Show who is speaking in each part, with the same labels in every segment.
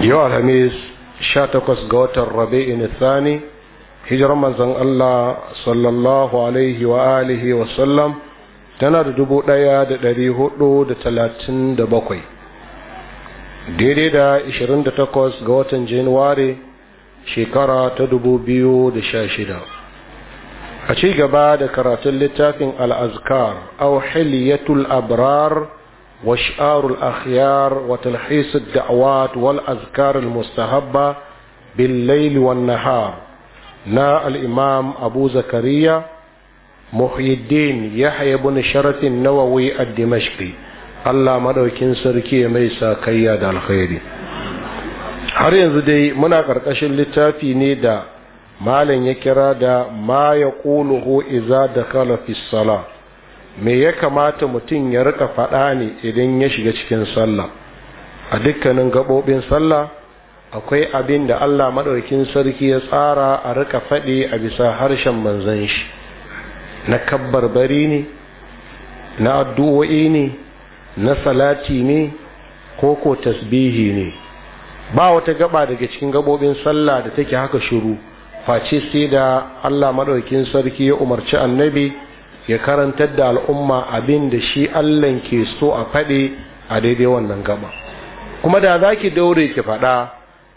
Speaker 1: yau alhamis sha takwas ga watan ina thani hijirar manzon Allah sallallahu alaihi wa alihi wa sallam tana da dubu ɗaya da ɗari hudu da talatin da bakwai daidai da ishirin da takwas ga watan januwari shekara ta dubu biyu da sha shida a ci gaba da karatun littafin al'azkar au hiliyatul abrar وشعار الاخيار وتلخيص الدعوات والاذكار المستهبه بالليل والنهار نا الامام ابو زكريا محي الدين يحيى بن شرف النووي الدمشقي الله مدوكين سركي ميسا كياد الخير har yanzu dai muna ƙarƙashin littafi ne da malam ya kira da ma ya iza fi me ya kamata mutum ya rika faɗa ne idan ya shiga cikin sallah a dukkanin gaɓoɓin sallah akwai abin da Allah maɗaukin sarki ya tsara a rika faɗi a bisa harshen manzan shi na bari ne na addu'o'i ne na salati ne ko ko tasbihi ne ba wata gaba daga cikin gaɓoɓin sallah da take haka shiru face sai da Allah maɗaukin sarki ya umarci annabi ya karantar da al'umma abin da shi allan ke so a faɗe a daidai wannan gaba kuma da za ki daure ki faɗa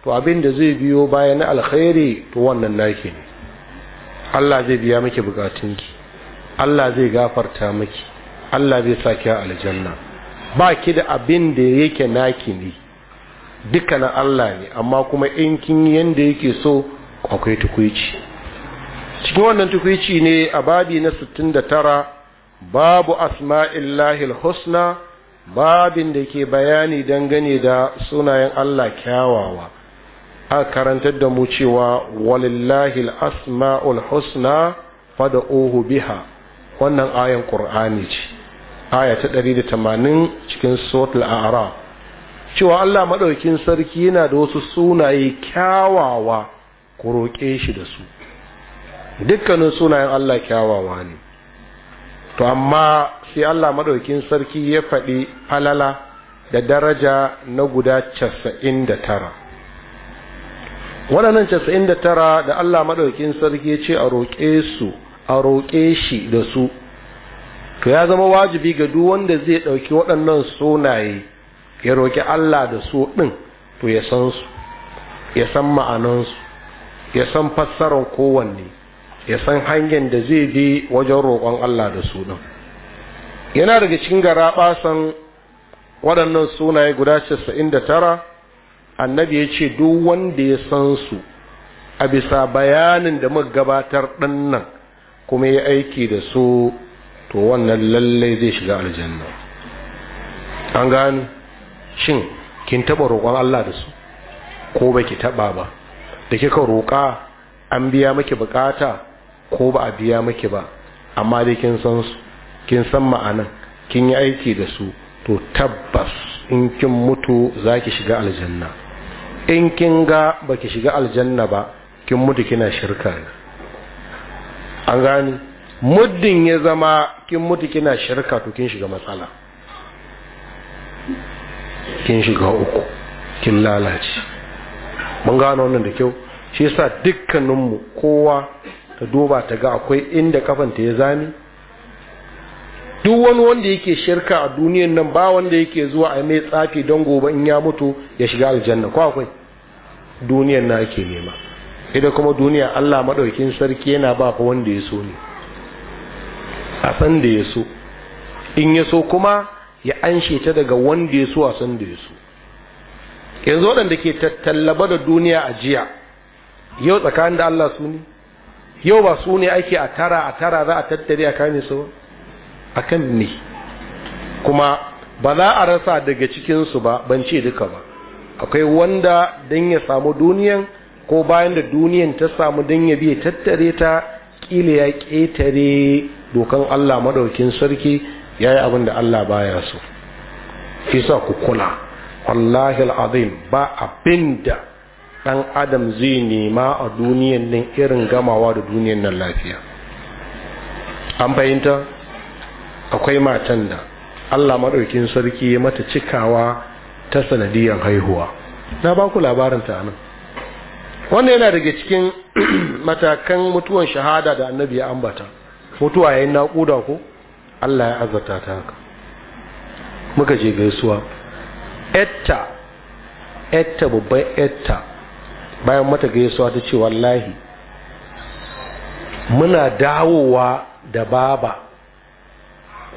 Speaker 1: to abin da zai biyo baya na alkhairi to wannan naki ne allah zai biya miki bukatunki allah zai gafarta miki allah zai sa ki a aljanna ba ki da abin da yake naki ne duka na allah ne amma kuma in kin yanda yake so akwai tukuici cikin wannan tukwici ne a babi na 69 babu asma'illahi husna babin da ke bayani gane da sunayen Allah kyawawa a karantar da mu cewa walillahi asma'ul husna fada'uhu biha wannan ayan qur'ani ce aya ta 180 cikin suratul a'raf cewa Allah maɗaukin sarki yana da wasu sunaye kyawawa ku roƙe shi da su dukkanin sunayen Allah kyawawa ne to amma sai Allah madaukin sarki ya faɗi falala da daraja na guda casa'in da tara waɗannan casa'in da da Allah madaukin sarki ya ce a roƙe su a roƙe shi da su to ya zama wajibi ga duk wanda zai ɗauki waɗannan sunaye ya roƙi Allah da su ɗin to ya san su ya san ma'anansu ya san fassarar kowanne ya san hanyar da zai bi wajen roƙon Allah da suna yana daga cikin gara basan waɗannan sunaye guda casa'in da tara annabi ya ce duk wanda ya san su a bisa bayanin da muka gabatar ɗan nan kuma ya aiki da su to wannan lallai zai shiga aljanna an gani shin kin taɓa roƙon Allah da su ko ki taɓa ba da kika roƙa an biya maki bukata ko ba a biya miki ba amma dai kin san su kin san ma'anan kin yi aiki da su to tabbas in kin mutu za ki shiga aljanna in kin ga ba ki shiga aljanna ba kin mutu kina shirka ne an gani muddin ya zama kin mutu kina shirka to kin shiga matsala kin shiga uku kin lalace mun gano wannan da kyau shi yasa dukkaninmu kowa ta duba ta ga akwai inda kafanta ya zame duk wani wanda yake shirka a duniyan nan ba wanda yake zuwa a mai tsafi don gobe in ya mutu ya shiga aljanna ko akwai duniyan na ake nema ita kuma duniya Allah madaukin sarki yana ba fa wanda ya so ne a san da ya so in ya so kuma ya anshe ta daga wanda ya so a san da ya so yanzu waɗanda ke tattallaba da duniya a jiya yau tsakanin da Allah su ne yau ba su ne ake a tara a tara za a tattare a kame su a kan ne kuma ba za a rasa daga cikinsu ba ban ce duka ba akwai wanda don ya samu duniyan ko bayan da duniyan ta samu don ya biya tattare ta ƙila ya ƙetare dokan allah maɗaukin sarki ya yi abin da allah baya so isa ku kula wallahi ba abin da ɗan adam zai nema a duniyan nan irin gamawa da duniyan nan lafiya an fahimta akwai matan da allah maɗaukin sarki ya mata cikawa ta sanadiyar haihuwa na ba ku ta nan wannan yana daga cikin matakan mutuwan shahada da annabi ya ambata mutuwa yayin naƙuda ko allah ya azata ta haka muka je gaisuwa etta etta babban etta bayan mata gaisuwa ta ce wallahi muna dawowa da baba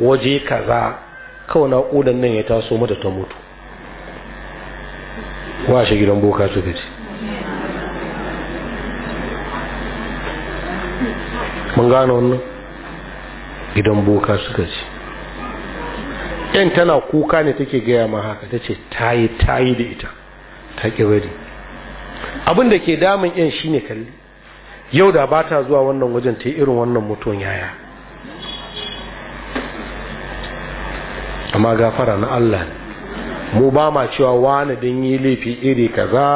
Speaker 1: waje kaza kawai naƙudan nan ya taso mata ta mutu Wa shi gidan boka su gaji mun gano wannan gidan boka su gaji yan tana kuka ne take gaya ma haka ta ce tayi tayi da ita ta ƙi bari abin da ke damun yan ne kalli yau da ba ta zuwa wannan wajen ta yi irin wannan mutum yaya amma gafara na Allah mu ba ma cewa wani don yi laifi iri kaza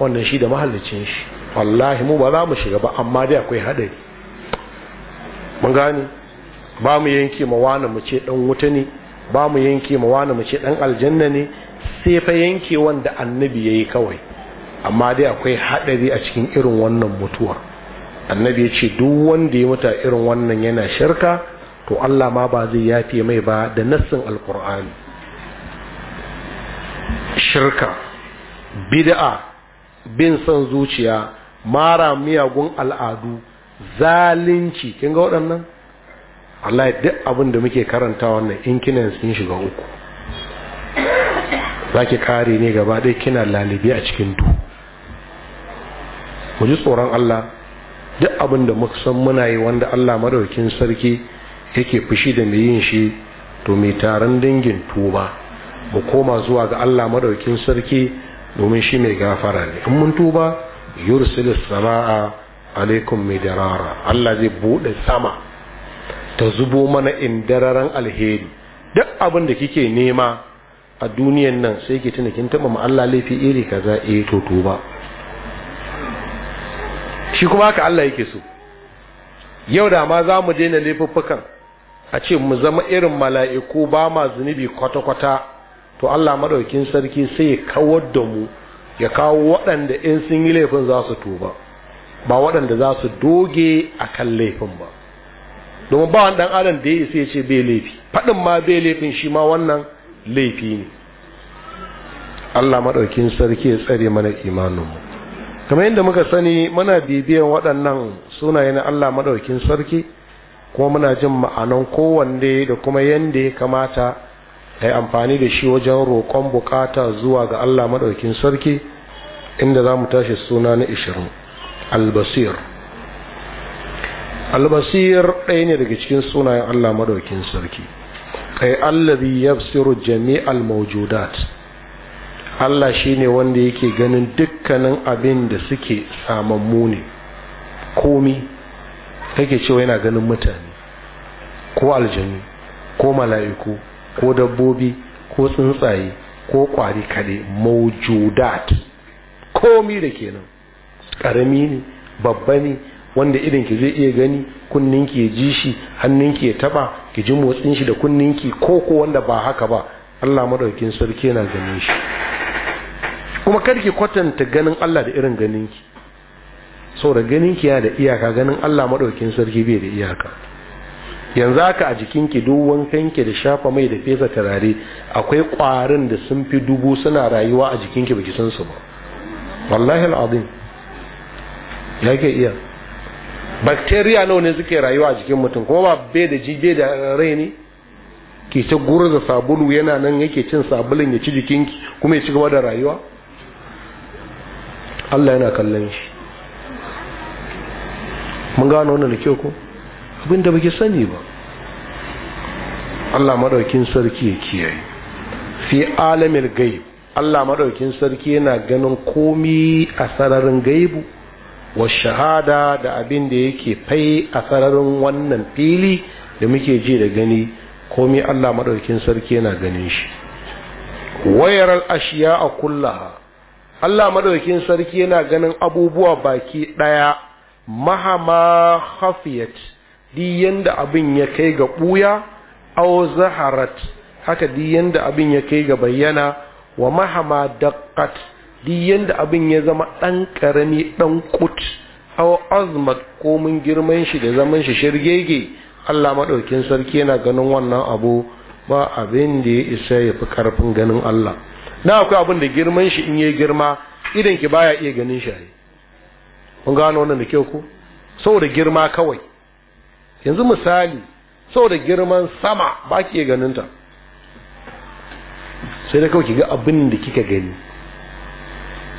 Speaker 1: wannan shi da mahallicin shi wallahi mu ba za mu shiga ba amma dai akwai haɗari mun gane ba mu yanke ma wani mu ce dan wuta ne ba mu yanke ma wani mu ce dan aljanna ne sai fa yanke wanda annabi yayi kawai amma dai akwai haɗari a cikin irin wannan mutuwa annabi ya ce duk wanda ya mutu irin wannan yana shirka to Allah ma ba zai yafe mai ba da nassin alkur'ani shirka bid'a bin son zuciya mara miyagun al'adu zalunci kin ga waɗannan Allah duk abin da muke karanta wannan in kina sun shiga uku zaki kare ne gaba ɗaya kina lalibi a cikin duhu mu ji tsoron Allah duk abin da muka san muna yi wanda Allah madaukin sarki yake fushi da mai yin shi to mai taron dangin tuba mu koma zuwa ga Allah madaukin sarki domin shi mai gafara ne in mun tuba yursil samaa alaikum midarara Allah zai bude sama ta zubo mana indararan alheri duk abin da kike nema a duniyan nan sai ki tuna kin taba ma Allah laifi iri kaza eh to tuba shi kuma haka Allah yake so yau da ma za mu daina laifuffukan a ce mu zama irin mala'iku ba ma zunubi kwata-kwata to Allah madaukin sarki sai ya kawar da mu ya kawo waɗanda in sun yi laifin za su tuba ba waɗanda za su doge a kan laifin ba domin ba wani adam da ya isa ya ce bai laifi faɗin ma bai laifin shi ma wannan laifi ne Allah maɗaukin sarki ya tsare mana imaninmu kamar yadda muka sani muna bibiyan waɗannan sunaye na Allah maɗaukin sarki kuma muna jin ma'anan kowanne da kuma yadda ya kamata a amfani da shi wajen roƙon bukata zuwa ga Allah maɗaukin sarki inda za mu tashi suna na ishirin albasir albasir ɗaya ne daga cikin sunayen Allah maɗaukin sarki kai allazi yafsiru jami'al mawjudat Allah shi ne wanda yake ganin dukkanin abin da suke samammu ne komi kake cewa yana ganin mutane ko aljanu ko mala'iku ko dabbobi ko tsuntsaye ko kwari kare maujudat komi da kenan karami ne babba ne wanda idan ki zai iya gani kunninki ya ji shi hannunki ya taba ki ji motsin shi da kunninki ko ko wanda ba haka ba Allah madaukin sarki na ganin shi kuma ki kwatanta ganin Allah da irin ganinki saboda ganinki yana da iyaka ganin Allah madaukin sarki bai da iyaka yanzu haka a jikinki duk wankanki da shafa mai da fesa turare akwai ƙwarin da sun fi dubu suna rayuwa a jikinki baki san su ba wallahi al'azim ya ke iya bacteria nawa ne suke rayuwa a jikin mutum kuma ba bai da jibe da rai ne ke ta da sabulu yana nan yake cin sabulun ya ci jikinki kuma ya ci gaba da rayuwa Allah yana kallon shi mun gano wannan da kyau ko abinda baki sani ba Allah madaukin sarki ya kiyaye fi alamil gaib Allah madaukin sarki yana ganin komi a sararin gaibu wa shahada da abin da yake fai a sararin wannan fili da muke ji da gani komai Allah madaukin sarki yana ganin shi wayar ashiya a kullaha Allah maɗaukin sarki yana ganin abubuwa baki ɗaya mahama khafiyat di yanda abin ya kai ga ɓuya aw zaharat haka di yanda abin ya kai ga bayyana wa mahama daqqat di yanda abin ya zama ɗan ƙarami ɗan kut aw azmat komin girman shi da zaman shi shirgege Allah maɗaukin sarki yana ganin wannan abu ba abin da ya isa ya fi karfin ganin Allah na akwai abin da girman shi in yi girma idan ki baya iya ganin shi ne kun gano wannan da kyau ku saboda girma kawai yanzu misali saboda girman sama ba ki iya ganin ta sai da kawai ki ga abin da kika gani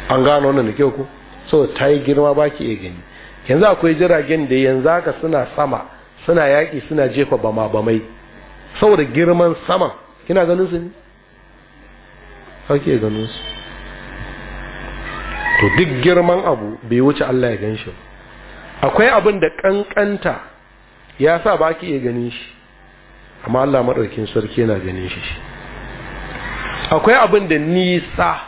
Speaker 1: an gano wannan da kyau ku saboda ta yi girma ba ki iya gani yanzu akwai jiragen da yanzu haka suna sama suna yaƙi suna jefa bama bamai saboda girman sama kina ganin su ne kake ganin su to duk girman abu bai wuce Allah ya gan shi akwai abin da kankanta ya sa ba ki iya ganin shi amma Allah maɗaukin sarki yana ganin shi akwai abin da nisa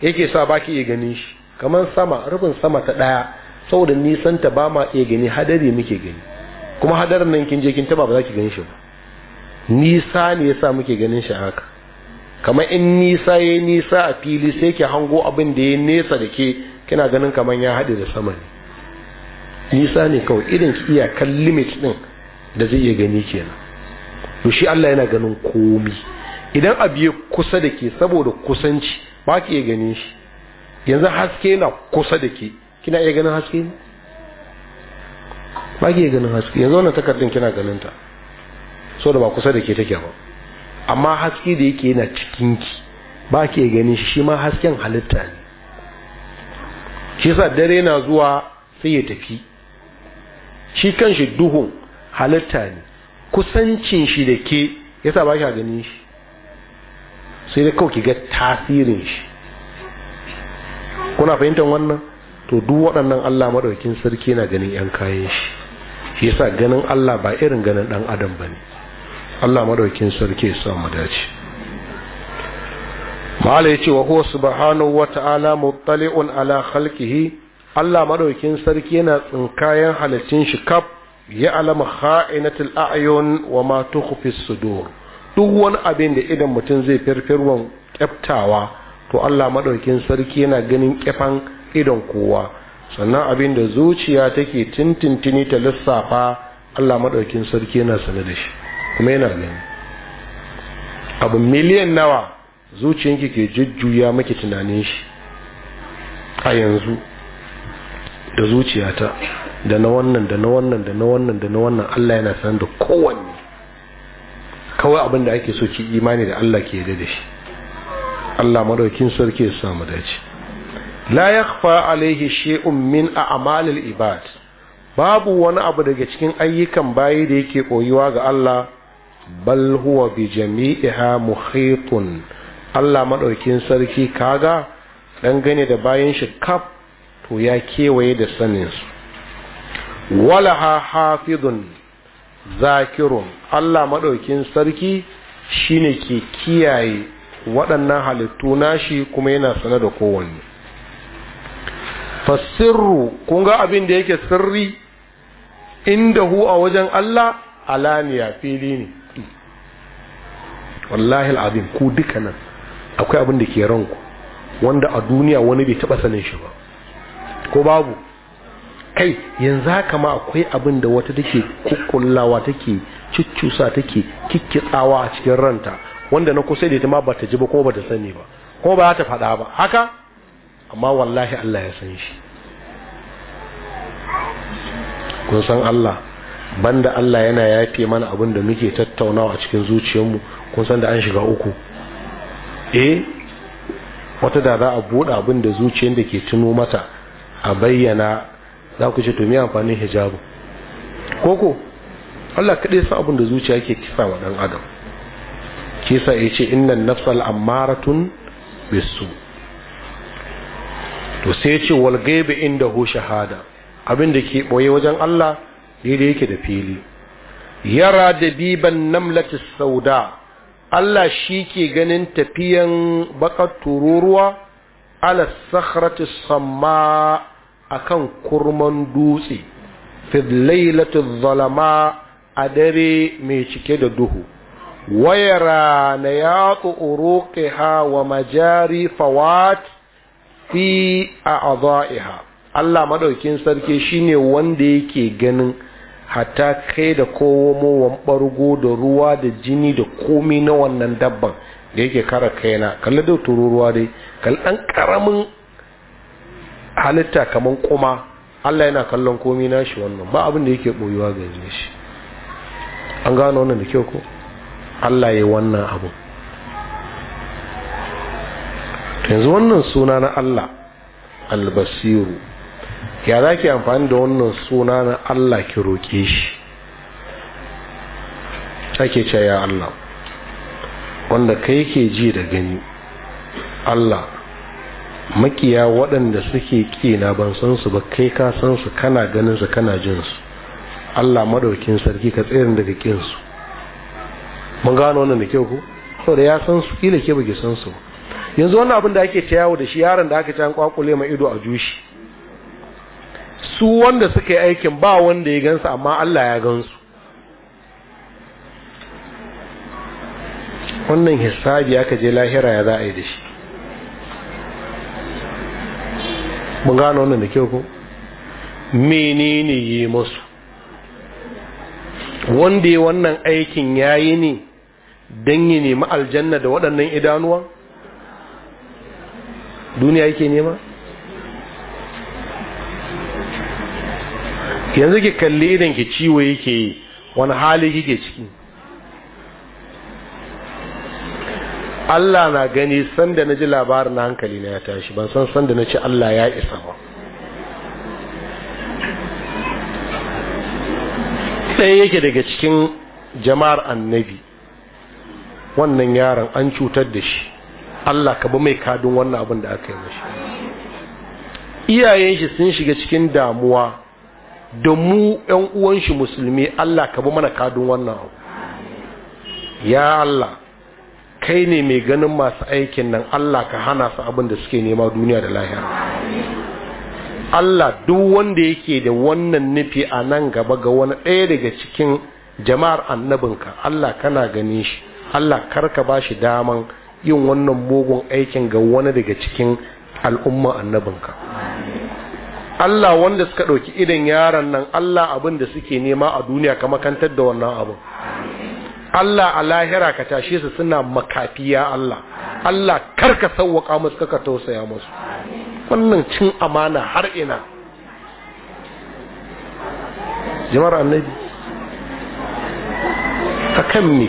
Speaker 1: yake sa ba ki iya ganin shi kamar sama rufin sama ta ɗaya saboda nisan ta ba ma iya gani hadari muke gani kuma hadarin nan kin je kin taba ba za ki gani shi ba nisa ne yasa muke ganin shi haka kamar in nisa ya nisa a fili sai ki hango abin da ya nesa da ke kina ganin kamar ya hade da sama ne nisa ne kawai irin ki kan limit ɗin da zai iya gani kenan to shi Allah yana ganin komi idan abu ya kusa da ke saboda kusanci ba ki iya ganin shi yanzu haske na kusa da ke kina iya ganin haske ne ba ke ganin haske yanzu wannan takardun kina ganin ta so da ba kusa da ke take ba amma haske da yake yana cikin ki ba ke ganin shi shi ma hasken halitta ne shi sa dare na zuwa sai ya tafi shi kanshi duhun halitta ne kusancin shi da ke yasa ba ki ganin shi sai dai kawai ki ga tasirin shi kuna fahimtar wannan to duk waɗannan Allah maɗaukin sarki yana ganin yan kayan shi shi yasa ganin Allah ba irin ganin dan adam bane Allah madaukin sarki ya samu dace mala yace wa huwa subhanahu wa ta'ala muttali'un ala khalqihi Allah madaukin sarki yana tsinkayen halittun shi kaf ya alama kha'inatul a'yun wa ma tukhfi sudur duk wani abin da idan mutum zai firfirwan kyaftawa to Allah madaukin sarki yana ganin kyafan idon kowa sannan abin da zuciya take tintintini ta lissafa Allah maɗaukin sarki yana sane da shi kuma yana gani abu miliyan nawa zuciyanki ke jujjuya maki tunanin shi a yanzu da zuciyata da na wannan da na wannan da na wannan da na wannan Allah yana sanar da kowanne kawai abin da ake so ki imani da Allah ke yarda da shi Allah madaukin sarki ya samu dace la yakhfa alaihi shay'un min a'malil ibad babu wani abu daga cikin ayyukan bayi da yake koyuwa ga Allah bal huwa bi jami'iha muhitun Allah madaukin sarki kaga gane da bayan shi kaf to ya kewaye da sanin su walaha hafidun zakirun Allah madaukin sarki shine ke kiyaye waɗannan halittu nashi kuma yana sanar da kowanne fasirru kun ga abin da yake sirri inda hu a wajen Allah alaniya fili ne wallahi al'azim ku duka nan akwai abin da ke ranku wanda a duniya wani bai taba sanin shi ba ko babu kai yanzu haka ma akwai abin da wata take kukkullawa take cucusa take kikkitsawa a cikin ranta wanda na kusa da ita ma bata ji ba ko bata sani ba ko ba za ta faɗa ba haka amma wallahi Allah ya san shi kun san Allah banda Allah yana yafe mana abin da muke tattaunawa a cikin zuciyarmu kun san da an shiga uku eh wata da za a buɗe abin da zuciyar da ke tuno mata a bayyana za ku ce to me amfanin hijabu koko Allah kaɗai sa abin da zuciya ke kisa wa ɗan adam kisa ya ce innan nafsal ammaratun bisu to sai ce wal gaibi hu shahada abin da ke boye wajen Allah daidai yake da fili yara da biban namlati sauda Allah shi ke ganin tafiyan bakar tururuwa ala sakhrati samma akan kurman dutse fi lailati zalama a dare mai cike da duhu wayara na yatsu uruqiha wa majari fawat fi a aza'iha Allah madaukin sarki shine wanda yake ganin hatta kai da kowa ɓargo da ruwa da jini da komi na wannan dabban da yake kara kaina kalli da ruwa dai kalli ɗan ƙaramin halitta kamar kuma Allah yana kallon komi na shi wannan ba abin da yake ɓoyuwa gare shi an gano wannan da kyau ko Allah ya wannan abu yanzu wannan suna na Allah albasiru ya za ki amfani da wannan suna na Allah ki roƙe shi ake ce ya Allah wanda kai ke ji da gani Allah makiya waɗanda suke na ban san su ba kai ka san su kana ganin su kana jin su Allah madaukin sarki ka tsirin daga ƙin su mun gano wannan da kyau ko? saboda ya san su kila ke ba ki san su ba yanzu wannan abin da ake ta yawo da shi yaron da aka can kwakule mai ido a jushi su wanda suka yi aikin ba wanda ya gansu amma Allah ya gansu wannan hisabi aka je lahira ya za yi da shi mun gano wannan da kyau ko menene yi masu wanda ya wannan aikin yayi ne don yi nemi aljanna da waɗannan idanuwan duniya yake nema yanzu ki kalli idan ki ciwo yake yi wani hali kike ciki Allah na gani sanda na ji labarin hankali na ya tashi ban san sanda na ci Allah ya isa ba ɗaya yake daga cikin jama'ar annabi wannan yaron an cutar da shi Allah ka ba mai kadin wannan abin da aka yi mashi iyayen shi sun shiga cikin damuwa da mu ɗan uwan shi musulmi Allah ka ba mana kadin wannan abu ya Allah kai ne mai ganin masu aikin nan Allah ka hana su abin da suke nema duniya da lahira Allah duk wanda yake da wannan nufi a nan gaba ga wani ɗaya daga cikin jama'ar annabinka Allah kana ganin shi Allah karka ba shi daman yin wannan mugun aikin ga wani daga cikin al'umma annabinka Allah wanda suka ɗauki idan yaran nan Allah abin da suke nema a duniya ka makantar da wannan abin Allah a lahira ka tashe su suna makafiya Allah Allah karka sauwaka musu kaka tausaya musu wannan cin amana har ina jama'ar annabi ta kan me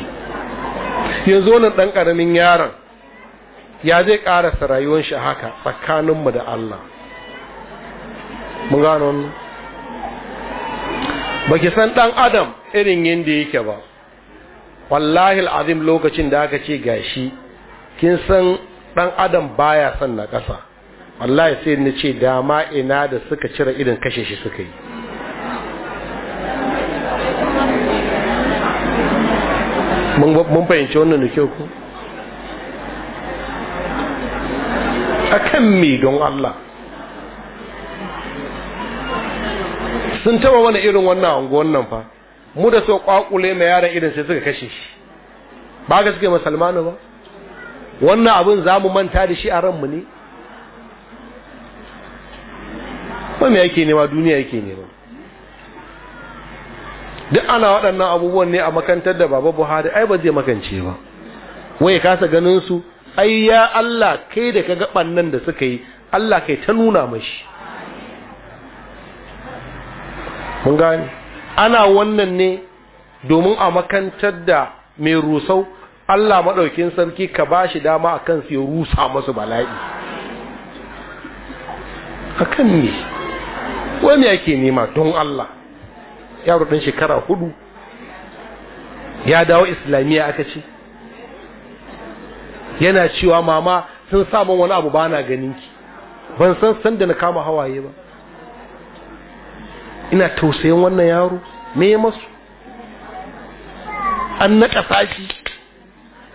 Speaker 1: yanzu wannan ɗan ƙaramin yaran ya zai karasa rayuwar shi haka tsakaninmu da Allah mun gano ba ki san ɗan adam irin yadda yake ba wallahi al'azim lokacin da aka ce gashi kin san ɗan adam baya son na ƙasa wallahi sai ni ce dama ina da suka cire irin kashe shi suka yi mun fahimci wannan da kyau ku kan me don Allah sun taba wani irin wannan anguwan nan fa mu da so kwakule mai yaran irin sai suka kashe shi ba ga suke musulmanu ba wannan abin za mu manta da shi a ranmu ne ba mai yake nema duniya yake nema duk ana waɗannan abubuwan ne a makantar da baba buhari ai ba zai makance ba waye kasa ganin su ai ya Allah kai da ka kaga nan da suka yi Allah kai ta nuna mashi mun gane ana wannan ne domin a makantar da mai rusau Allah maɗaukin sarki ka bashi dama akan kan su rusa masu bala'i a kan ne wani yake nema don Allah yaro dan shekara hudu ya dawo islamiyya aka ce yana cewa mama sun sa wani abu bana ganin ki ban san san na kama hawaye ba ina tausayin wannan yaro me ya masu an naƙasa shi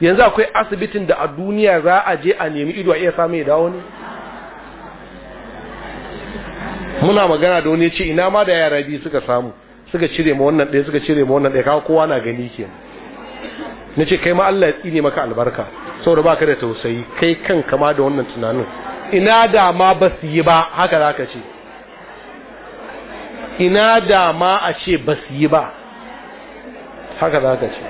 Speaker 1: yanzu akwai asibitin da a duniya za a je a nemi ido a iya samu ya dawo ne muna magana da wani ya ce ina ma da yara biyu suka samu suka cire ma wannan ɗaya suka cire ma wannan ɗaya kawo kowa na gani kenan na ce kai ma Allah ya tsine maka albarka saboda baka da tausayi kai kan kama da wannan tunanin ina da ma ba su yi ba haka za ka ce ina da ma a ce ba su yi ba haka za ka ce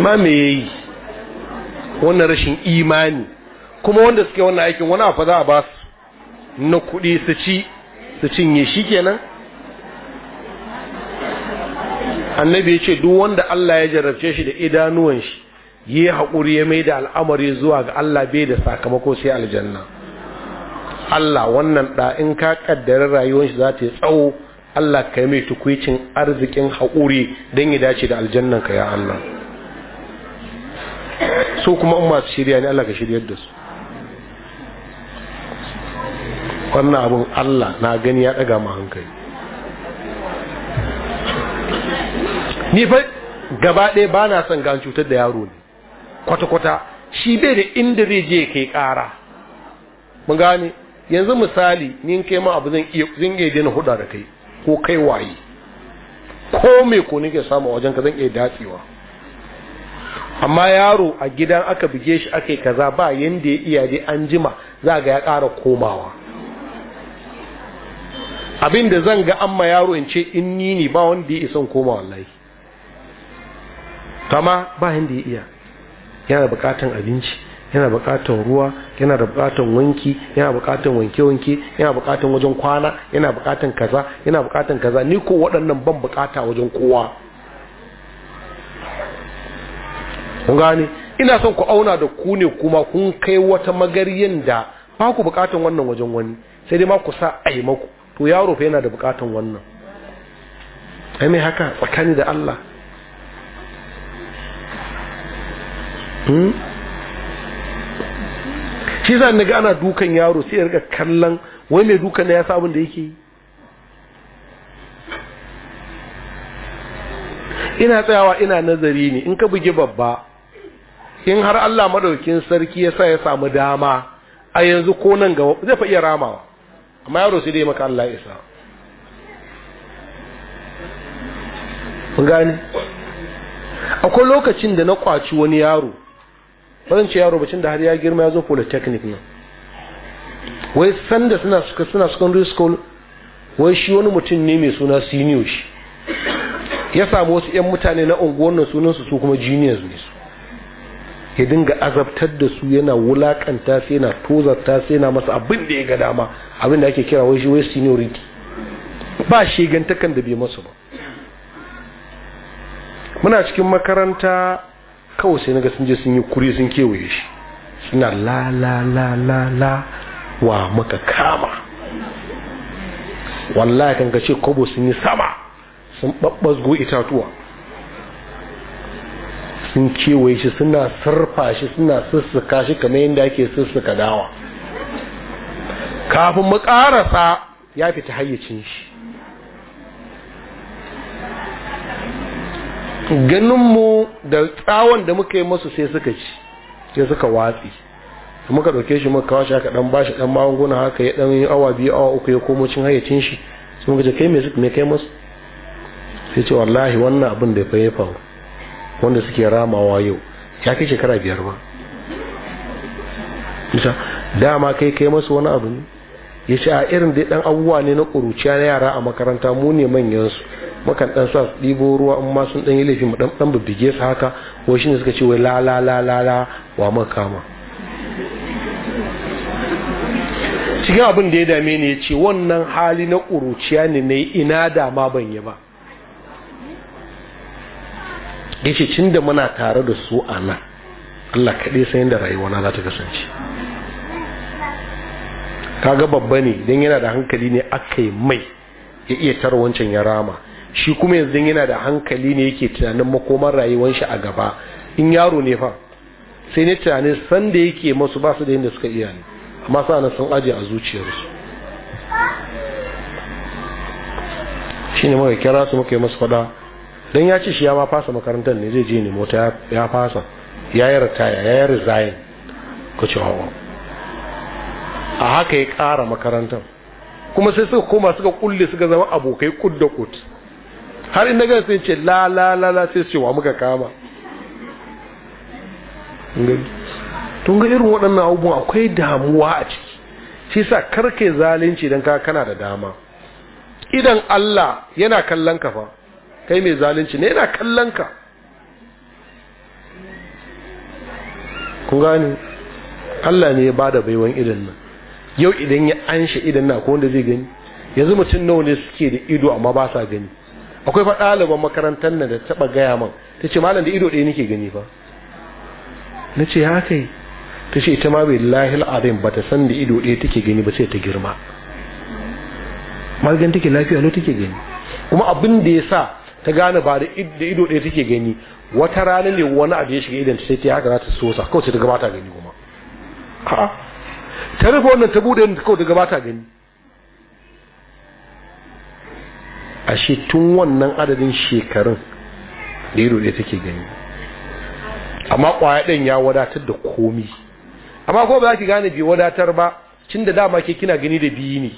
Speaker 1: ma me yi wannan rashin imani kuma wanda suke wannan aikin wani abu za a ba su na kuɗi su ci su cinye shi kenan annabi ya ce duk wanda Allah ya jarrabce shi da idanuwan shi yi haƙuri ya mai da al'amari zuwa ga Allah bai da sakamako sai aljanna Allah wannan ɗa in ka ƙaddara rayuwar shi za ta yi tsawo Allah ka yi mai tukwicin arzikin haƙuri don ya dace da aljannan ka ya Allah So kuma in masu shirya ne Allah ka shiryar da su wannan abun Allah na gani ya ɗaga mu hankali ni fa gaba ɗaya ba na son gan cutar da yaro ne kwata-kwata shi bai da inda zai je kai ƙara mun gane yanzu misali ni in kai ma abu zan iya zan iya daina huda da kai ko kai waye ko me ko nake samu wajen ka zan iya datsewa amma yaro a gidan aka buge shi aka kaza ba yanda ya iya dai an jima za ga ya ƙara komawa abin da zan ga amma yaro in ce in ni ne ba wanda ya isan koma wallahi kama ba yanda ya iya yana bukatan abinci yana bukatan ruwa yana da bukatan wanki yana bukatan wanke-wanke yana bukatan wajen kwana yana bukatan kaza yana bukatan kaza ni ko waɗannan ban bukata wajen kowa kun gane ina son ku auna da ku ne kuma kun kai wata magaryan da ba ku bukatan wannan wajen wani sai dai ma ku sa a maku to yaro fa yana da bukatan wannan kai mai haka tsakani da Allah Hmm? shi sa naga ana dukan yaro sai ya riga kallon wai mai dukan na ya sa abin da yake yi ina tsayawa ina nazari ne in ka bugi babba in har Allah madaukin sarki ya sa ya samu dama a yanzu ko nan gaba zai fa iya ramawa amma yaro sai dai maka Allah ya isa kun gane akwai lokacin da na kwaci wani yaro bazan ce yaro bacin da har ya girma ya zo polytechnic na wai sanda suna suka suna secondary school wai shi wani mutum ne mai suna senior shi ya samu wasu yan mutane na unguwar nan sunan su su kuma juniors ne su ya dinga azabtar da su yana wulakanta sai yana tozarta sai yana masa abin da ya ga dama abin da ake kira wai shi wai seniority ba gantakan da bai masa ba muna cikin makaranta kawai sai naga sun je sun yi kuri sun kewaye shi suna la la la la la wa maka kama wallahi kan ka ce kobo sun yi sama sun babbazgo itatuwa sun kewaye shi suna sarfa shi suna sussuka shi kamar yadda ake sussuka dawa kafin mu karasa ya fita hayyacin shi ganinmu da tsawon da muka yi masu sai suka ci sai suka watsi muka ɗauke shi muka kawo shi haka ɗan bashi ɗan magunguna haka ya ɗan yi awa biyu awa uku ya komo cin hayyacin shi sun muka kai me suka me kai masu sai ce wallahi wannan abin da ya faru wanda suke ramawa yau ya kai shekara biyar ba dama kai kai masu wani abu ne ya ce a irin da ɗan abubuwa ne na ƙuruciya na yara a makaranta mu ne manyansu Makan dan sa su ɗibo ruwa in ma sun dan yi laifi mu dan dan bibbige su haka shi ne suka ce wai la la la la wa muka kama cikin abin da ya dame ni ya ce wannan hali na ƙuruciya ne na ina da ma ban yi ba ya ce cin da muna tare da su a nan Allah kaɗai sai yadda rayuwa na za ta kasance kaga babba ne don yana da hankali ne aka mai ya iya tarwancin ya rama shi kuma yanzu yana da hankali ne yake tunanin makoman rayuwar shi a gaba in yaro ne fa sai ne tunanin san da yake masu ba su da yadda suka iya ne amma na sun aje a zuciyarsu shi ne muka kira su muka yi masu faɗa don ya ce shi ya ma fasa makarantar ne zai je ne mota ya fasa ya yi ritaya ya yi rizayin ku ce hawa a haka ya ƙara makarantar kuma sai suka koma suka kulle suka zama abokai kud da kud har inda gan sai ce la la la la sai ce wa muka kama tun ga irin waɗannan abubuwan akwai damuwa a ciki shi sa karke zalunci don ka kana da dama idan Allah yana kallon ka fa kai mai zalunci ne yana kallon ka kun gane Allah ne ya ba da baiwan idan nan yau idan ya anshe idan na ko wanda zai gani yanzu mutum nawa ne suke da ido amma ba sa gani akwai fa ɗaliban makarantar nan da taɓa gaya man ta ce malam da ido ɗaya nake gani ba na ce ya kai ta ce ita ma bai lahil abin ba ta san da ido ɗaya take gani ba sai ta girma magan take lafiya lo take gani kuma abin da ya sa ta gane ba da ido ɗaya take gani wata rana ne wani abu ya shiga idan ta sai ta haka za ta sosa kawai sai ta gabata gani kuma a'a ta rufe wannan ta bude kawai ta gabata gani ashe tun wannan adadin shekarun da ido ɗaya take gani amma ƙwaya ɗin ya wadatar da komi amma ko ba za ki gane bai wadatar ba cin da dama ke kina gani da biyu ne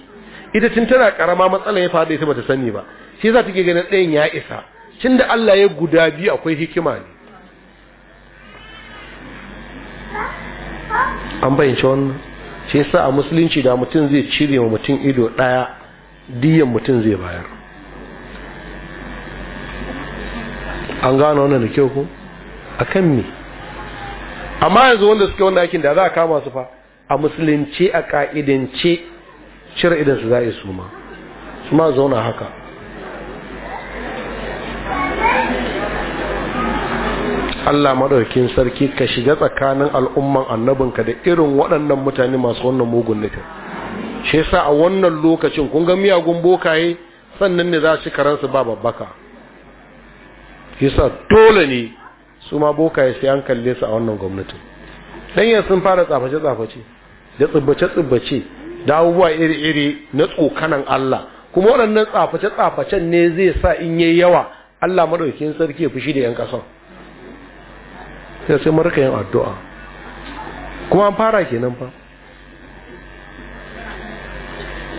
Speaker 1: ita tun tana karama matsalar ya da ita bata sani ba shi za ta ke ganin ɗayan ya isa cin da Allah ya guda biyu akwai hikima ne an bayyance wannan shi yasa a musulunci da mutum zai cire wa mutum ido ɗaya diyan mutum zai bayar an gano wannan da kyau ko a kan me amma yanzu wanda suke wanda aikin da za a kama su fa a musulunci a ka'idance cire idan su za a yi su ma su ma zauna haka Allah maɗaukin sarki ka shiga tsakanin al'umman annabinka da irin waɗannan mutane masu wannan mugun nufin shi yasa a wannan lokacin kun ga miyagun bokaye sannan ne za su karansu ba babbaka yasa dole ne su ma bokaye sai an kalle su a wannan gwamnatin yanzu sun fara tsaface-tsaface da tsibbace-tsibbace da abubuwa iri-iri na tsokanan Allah kuma waɗannan tsaface-tsafacen ne zai sa in yi yawa Allah madaukin sarki ya fushi da 'yan ƙasar sai sai marika yin addu'a kuma an fara kenan fa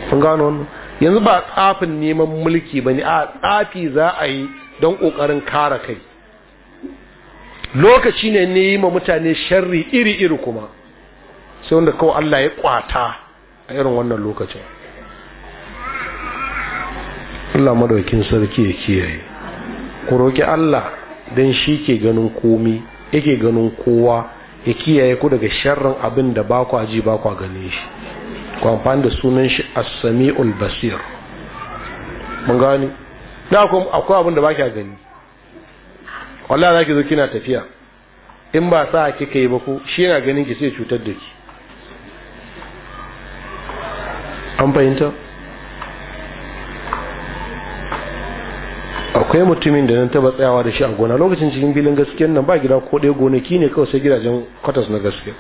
Speaker 1: kun gano wannan yanzu ba tsafin neman mulki ba ne a tsafi za a yi don ƙoƙarin kara kai lokaci ne ne yi ma mutane sharri iri-iri kuma sai wanda kawai Allah ya kwata a irin wannan lokacin Allah madaukin sarki ya kiyaye ku roƙi Allah don shi ke ganin komi yake ganin kowa ya kiyaye ku daga sharrin abin da ba ku ji ba ku gane shi ku amfani da sunan shi as-sami'ul basir mun gani da ku akwai abin da baki gani wallahi zaki zo kina tafiya in ba sa kika yi ba ko shi yana ganin ki sai cutar da ki an fahimta akwai mutumin da nan taba tsayawa da shi a gona lokacin cikin filin gaskiyan nan ba gida ko ɗaya gonaki ne kawai sai gidajen kwatas na gaskiya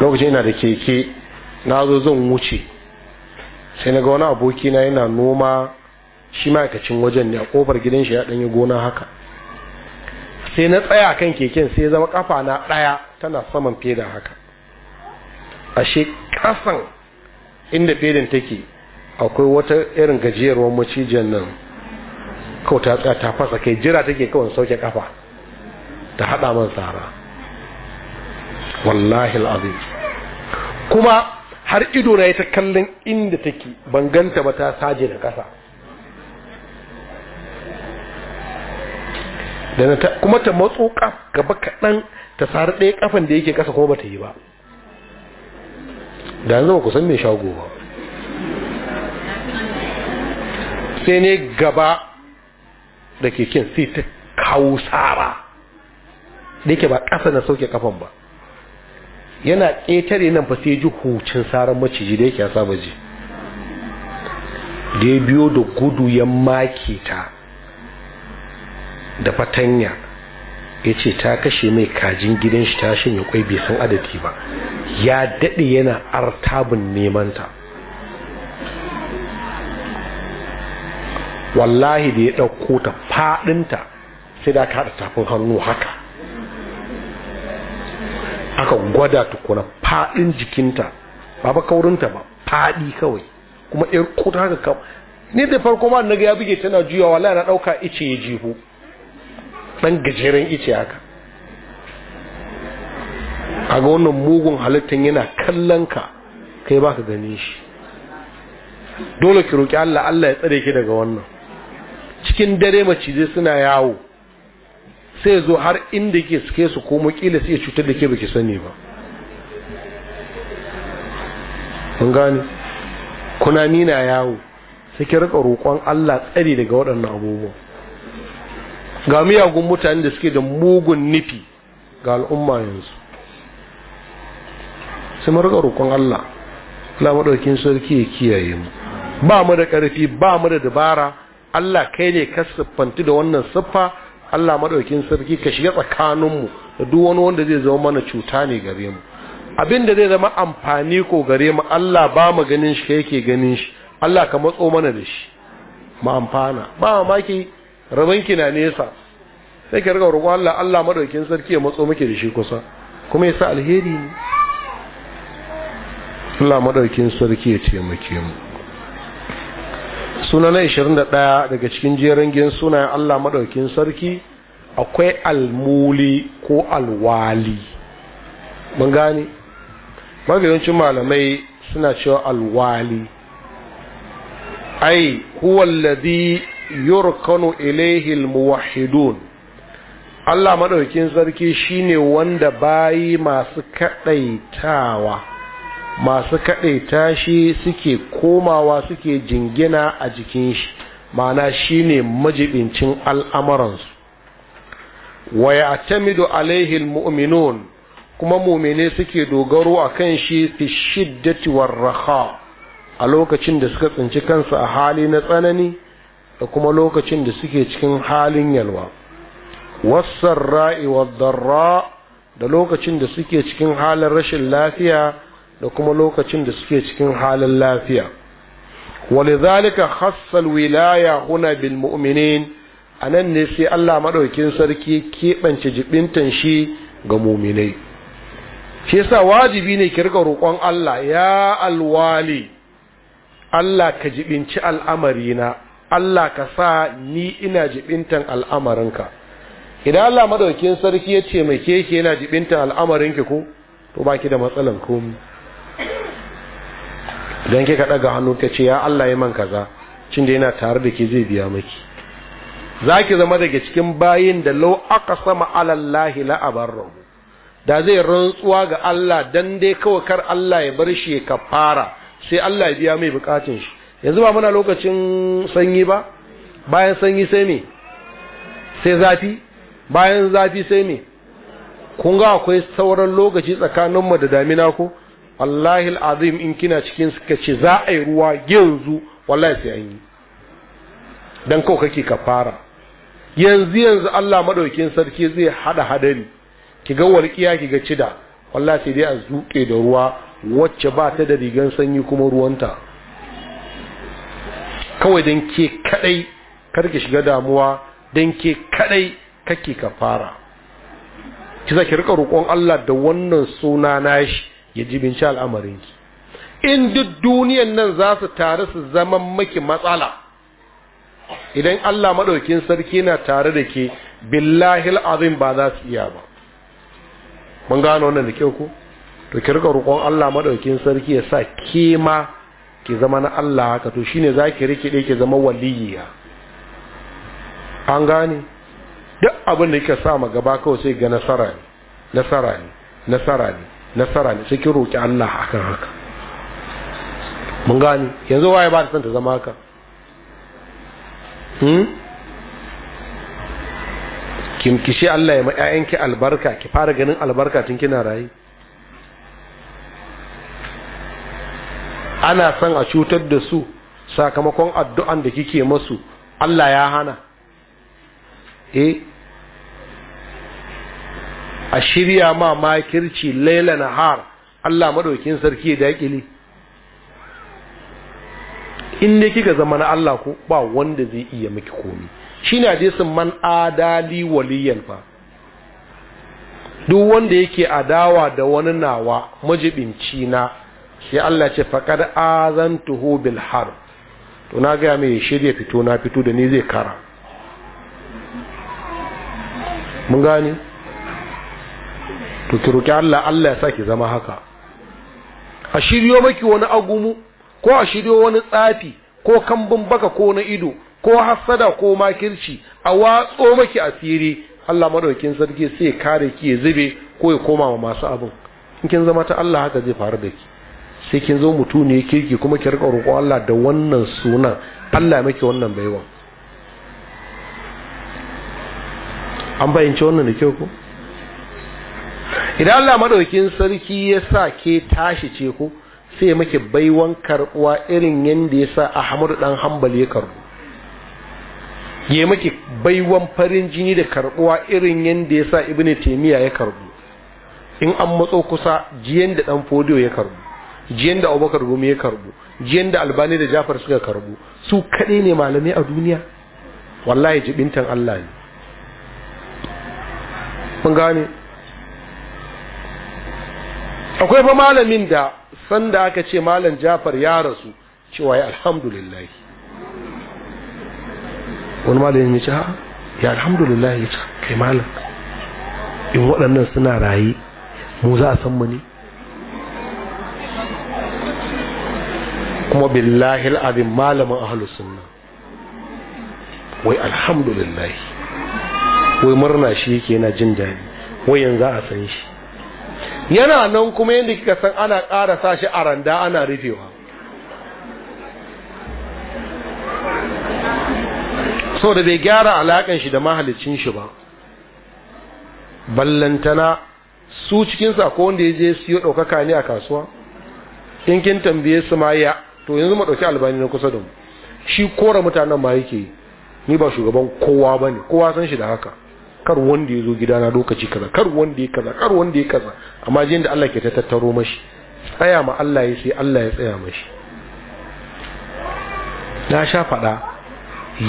Speaker 1: lokacin ina da keke na zo zan wuce sai na ga wani abokina yana noma shi ma'aikacin wajen ne a kofar gidan shi ya ɗanyi gona haka sai na tsaya kan keken sai zama kafa na ɗaya tana saman feda haka ashe kasan inda fedan take akwai wata irin gajiyarwar macijiyar nan kawai ta ta fasa kai jira take kawai sauke kafa ta haɗa man tsara wallahi al'azim kuma har ido na ta kallon inda take ban ganta ba ta saje da ƙasa da ta kuma ta matso kaf gaba kaɗan ta sari ɗaya kafan da yake ƙasa kuma ba ta yi ba da yanzu ba ku san mai shago ba sai ne gaba da keken sai ta kawo tsara da yake ba ƙasa na sauke kafan ba yana ƙetare nan fa sai ji hucin saran maciji da yake ya saba ji da ya biyo da gudu ya maki ta da fatanya ya ce ta kashe mai kajin gidan shi ta shanye kwai bai san adadi ba ya daɗe yana artabin nemanta wallahi da ya ɗauko ta faɗinta sai da aka haɗa tafin hannu haka aka gwada tukuna faɗin jikinta ba ba kaurinta ba faɗi kawai kuma 'yar kuta haka kawai ne da farko ma na ga ya buge tana juyawa wallahi na ɗauka ice ya jihu ɗan gajeren ice haka a wannan mugun halittan yana kallon ka kai ba ka gane shi dole ki roƙi Allah Allah ya tsare ki daga wannan cikin dare macizai suna yawo sai zo har inda ke suke su komo kila sai cutar da ke baki sani ba Kun gane kuna nina yawo sai ki rika roƙon Allah tsare daga waɗannan abubuwan. ga miyagun mutane da suke da mugun nufi ga al'umma yanzu sai mu riga roƙon Allah Allah madaukin sarki ya kiyaye mu ba mu da ƙarfi ba mu da dabara Allah kai ne ka siffanti da wannan siffa Allah maɗaukin sarki ka shiga tsakaninmu da duk wani wanda zai zama mana cuta ne gare mu abin da zai zama amfani ko gare mu Allah ba mu ganin shi yake ganin shi Allah ka matso mana da shi ma amfana ba mamaki rabanki na nesa sai ki riga roƙo Allah Allah madaukin sarki ya matso miki da shi kusa kuma yasa alheri ne Allah madaukin sarki ya taimake mu suna na 21 daga cikin jerin gin suna Allah madaukin sarki akwai almuli ko alwali mun gane magayancin malamai suna cewa alwali ai huwa alladhi yurkanu ilaihil muwahidun Allah madaukin sarki shine wanda bayi masu kadaitawa masu kadaita shi suke komawa suke jingina a jikin shi ma'ana shine majibincin al'amuransu wa ya'tamidu alaihil mu'minun kuma mumene suke dogaro a kan shi fi shiddati warraha a lokacin da suka tsinci kansu a hali na tsanani da kuma lokacin da suke cikin halin yalwa wasan ra'i darra da lokacin da suke cikin halin rashin lafiya da kuma lokacin da suke cikin halin lafiya zalika khassal wilaya huna bil mu'minin nan ne sai Allah maɗaukin sarki keɓance jibintan shi ga mu'minai shi yasa wajibi ne ki riga roƙon Allah ya alwali Allah ka jibinci na. Allah ka sa ni ina jibintan al'amarinka idan Allah madaukakin sarki ya ce mai ke yana jibintan al'amarinki ko to ba ki da matsalan komi idan kika ɗaga hannu ka ce ya Allah ya man kaza cin da yana tare da ke zai biya maki ki zama daga cikin bayin da lau aka sama alallahi la'abarrahu da zai rantsuwa ga Allah dan dai kawai kar Allah ya bar shi ya kafara sai Allah ya biya mai bukatun shi yanzu ba muna lokacin sanyi ba bayan sanyi sai me sai zafi bayan zafi sai me kun ga akwai sauran lokaci tsakaninmu da damina ko wallahi al'azim in kina cikin suka ce za a yi ruwa yanzu wallahi sai an yi dan kawai kake ka fara yanzu yanzu Allah maɗaukin sarki zai hada hadari ki kiga ki ga cida wallahi sai dai a zuke da ruwa wacce ba ta da rigan sanyi kuma ruwanta kawai don ke kadai kar shiga damuwa don ke kadai kake ka fara ki zaki rika roƙon Allah da wannan suna nashi ya ji al'amarin ki in duk duniyan nan za su tare su zama maki matsala idan Allah maɗaukin sarki na tare da ke billahi azim ba za su iya ba mun gano wannan da kyau ko to ki rika roƙon Allah maɗaukin sarki ya sa kema ki zama na Allah haka to shine zaki dai ki zama waliyya an gane duk abin da kika sa ma gaba kawai sai ga nasara ne nasara ne nasara ne nasara ne sai ki roki Allah akan haka mun gane yanzu waye ba ta san ta zama haka hmm kim kishi Allah ya ma ƴaƴanki albarka ki fara ganin albarka tun kina rayi. ana son a cutar da su sakamakon addu'an da kike masu Allah ya hana E, a shirya ma makirci laila Har, Allah maɗaukin sarki ya dakile in dai kika zama na Allah ko ba wanda zai iya miki komi shine hadisin man adali waliyan ba. duk wanda yake adawa da wani nawa majibinci na sai Allah ce faƙar azantuhu tuho har to na gaya mai shirya fito na fito da ni zai kara mun gani to ki Allah Allah ya saki zama haka a shiryo maki wani agumu ko a shiryo wani tsafi ko kambun baka ko na ido ko hassada ko makirci a watso maki asiri Allah madaukin sarki sai kare ki ya zube ko ya koma wa masu abin in kin zama ta Allah haka zai faru da ki sai kin zo mutu ne kirki kuma ki rika roƙo Allah da wannan sunan Allah ya miki wannan baiwa an bayyance wannan da kyau ko idan Allah madaukin sarki ya sa ke tashi ce ko sai ya miki baiwan karɓuwa irin yanda ya sa Ahmadu dan Hanbal ya karbu ya miki baiwan farin jini da karɓuwa irin yanda ya sa Ibn Taymiyyah ya karɓo. in an matso kusa jiyan da dan fodiyo ya karɓo. jiyan da abubakar gumi ya karbu jiyan da albani da jafar suka karbu su kaɗai ne malamai a duniya wallahi jibintan allah ne mun gane akwai fa malamin da sanda aka ce malam jafar ya rasu cewa ya alhamdulillah wani malamin ya ce ha ya alhamdulillah ya ce kai malam in waɗannan suna raye mu za a san mu ne kuma billahi al'azim malamin ahlus sunna wai alhamdulillah wai murna shi yake yana jin daɗi wai yanzu a san shi yana nan kuma yadda kika san ana ƙara sa shi a randa ana rufewa so da bai gyara alaƙan shi da mahalicin shi ba ballantana su cikinsa ko wanda ya je siyo ɗaukaka ne a kasuwa in kin tambaye su ma ya to yanzu ma dauki albani na kusa da mu shi kora mutanen ma yake ni ba shugaban kowa bane kowa san shi da haka kar wanda ya zo na lokaci kaza kar wanda ya kaza kar wanda ya kaza amma jin da Allah ke ta tattaro mashi tsaya ma Allah ya sai Allah ya tsaya mashi na sha faɗa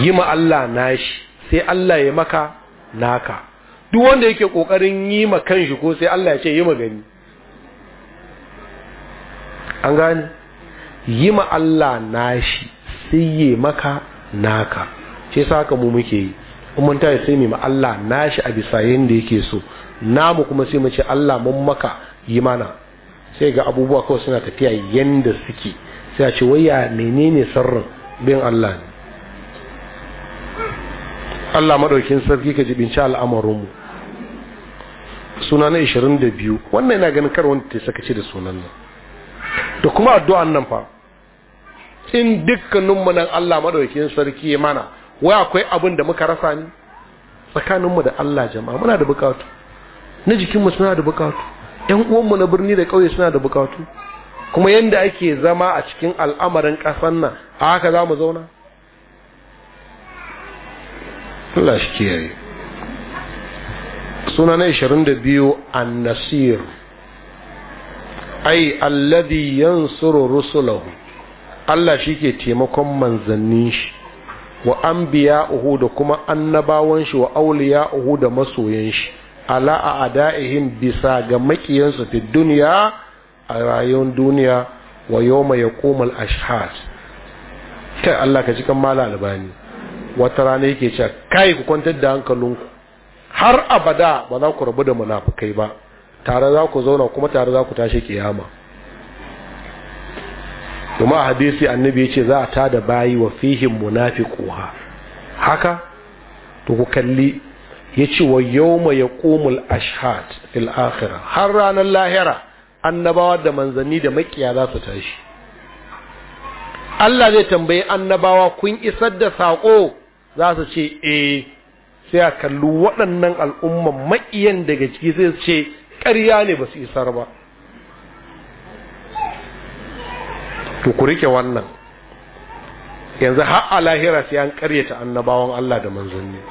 Speaker 1: yi ma Allah nashi sai Allah ya maka naka duk wanda yake kokarin yi ma kanshi ko sai Allah ya ce yi ma gani an gane yi ma Allah nashi sai yi maka naka ce sa haka mu muke yi in mun tayi sai mai ma Allah nashi a bisa yanda yake so namu kuma sai mu ce Allah mun maka yi mana sai ga abubuwa kawai suna tafiya yanda suke sai a ce waya menene sirrin bin Allah ne Allah madaukin sarki ka ji al'amarin mu suna na 22 wannan yana ganin kar ta ta sakace da sunan nan da kuma addu'an nan fa in dukkaninmu nan Allah madaukin sarki mana wai akwai abin da muka rasa ni tsakaninmu da Allah jama'a muna da bukatu na jikinmu suna da bukatu ƴan uwanmu na birni da ƙauye suna da bukatu kuma yanda ake zama a cikin al'amarin ƙasar nan a haka za mu zauna Allah shi kiyaye suna na 22 an-nasir ay alladhi yansuru rusulahu Allah shi ke taimakon manzannin shi wa an biya uhu da kuma annabawan shi wa auliya uhu da masoyan shi ala a ada'ihim bisa ga makiyansu fi duniya a rayuwar duniya wa ya koma ashhad kai Allah ka cikan mala albani wata rana yake cewa kai ku kwantar da hankalinku har abada ba za ku rabu da munafukai ba tare za ku zauna kuma tare za ku tashi kiyama kuma hadisi annabi ya ce za a tada bayi wa fihim munafiquha haka to ku kalli ya wa yawma yaqumul ashhad fil akhirah har ranar lahira annabawa da manzanni da makiya za su tashi Allah zai tambayi annabawa kun isar da sako za su ce eh sai a kalli waɗannan al'umman makiyan daga ciki sai su ce ƙarya ne ba su isar ba to ku rike wannan yanzu har a lahira sai an karyata annabawan Allah da manzanni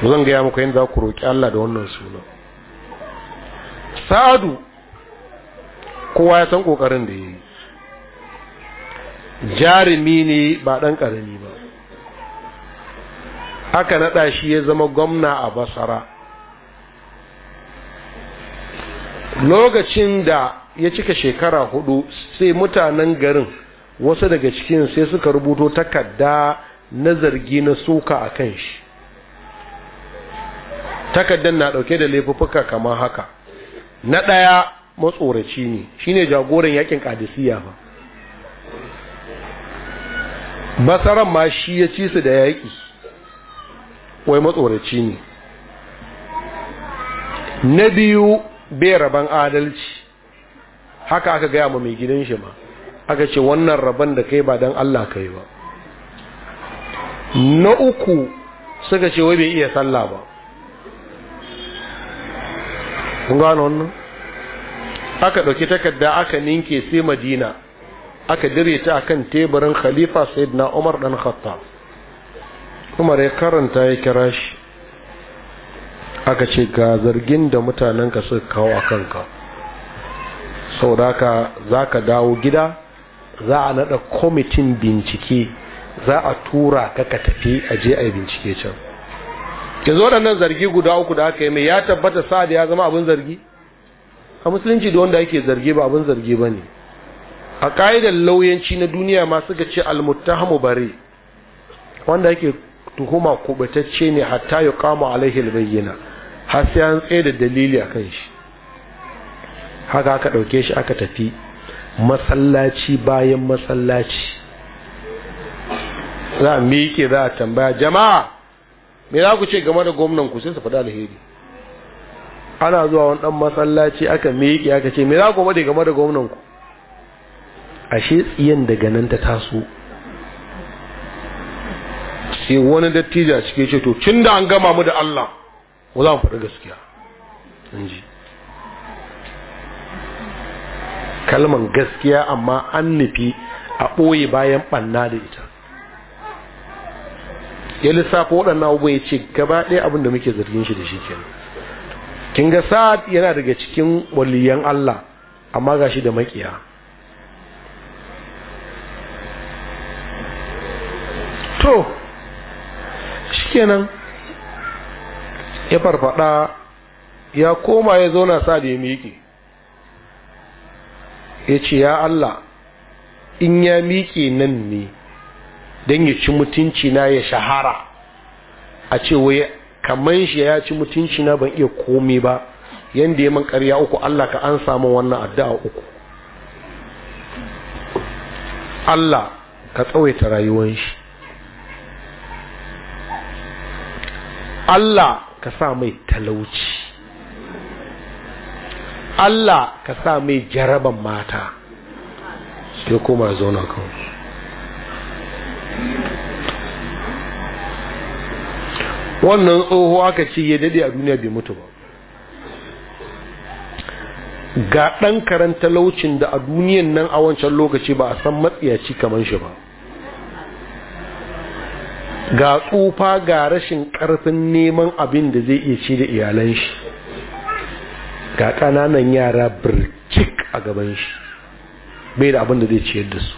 Speaker 1: to zan gaya muku yadda za ku roƙi Allah da wannan suna sa'adu kowa ya san ƙoƙarin da ya yi jarumi ne ba ɗan ƙarami ba aka naɗa shi ya zama gwamna a basara lokacin da ya cika shekara hudu sai mutanen garin wasu daga cikin sai suka rubuto takarda na zargi na suka a kan shi takardar na dauke da laifuffuka kamar haka na ɗaya matsoraci ne shine jagoran yakin kadisiya ba basaran ma shi ya ci su da yaƙi wai matsoraci ne na biyu bai rabon adalci haka aka gaya ma mai gidan shi ma aka ce wannan rabon da kai ba don Allah kai ba na uku suka ce wai bai iya sallah ba kun gano wannan aka ɗauki takarda aka ninke sai madina aka dire ta akan teburin khalifa na umar dan khatta umar ya karanta ya kira shi aka ce ga zargin da mutanenka suka kawo a kanka saboda za ka dawo gida za a naɗa kwamitin bincike za a tura ka ka tafi a je a yi bincike can zo da nan zargi guda uku da aka yi mai ya tabbata sa'adu ya zama abin zargi a musulunci da wanda ake zargi ba abin zargi ba ne a ƙa'idar lauyanci na duniya masu suka ce almuttahamu bare wanda ake tuhuma kubatacce ne hatta ya kama alaihi albayyana har sai an tsaye da dalili a kan shi haka aka ɗauke shi aka tafi masallaci bayan masallaci za a miƙe za a tambaya jama'a me za ku ce game da gwamnan ku sai su faɗa alheri ana zuwa wani ɗan masallaci aka miƙe aka ce me za ku faɗi game da gwamnan ku ashe tsiyan daga nan ta taso sai wani dattijo a cike ce to tun da an gama mu da Allah ko za mu faɗi gaskiya in ji kalman gaskiya amma an nufi a ɓoye bayan ɓanna da ita ya lissafa waɗannan abubuwa ya ce gaba ɗaya abin da muke zargin shi da shi kenan kin ga sa'ad yana daga cikin waliyan Allah amma ga shi da makiya to shikenan ya farfada ya koma ya zauna sa'ad ya miƙe ya ce ya Allah in ya miƙe nan ne don ya ci mutunci na ya shahara a ce wai kamar shi ya ci mutunci na ban iya komi ba yadda ya man karya uku Allah ka an samu wannan addu'a uku Allah ka tsawaita rayuwan shi Allah ka sa mai talauci Allah ka sa mai jaraban mata sai koma zauna kan wannan tsoho aka ce ya dade a duniya bai mutu ba ga ɗan karanta laucin da a duniyan nan a wancan lokaci ba a san matsiyaci kamar shi ba ga tsufa ga rashin ƙarfin neman abin da zai iya ci da iyalan shi ga ƙananan yara birkik a gaban shi bai da abin da zai ciyar da su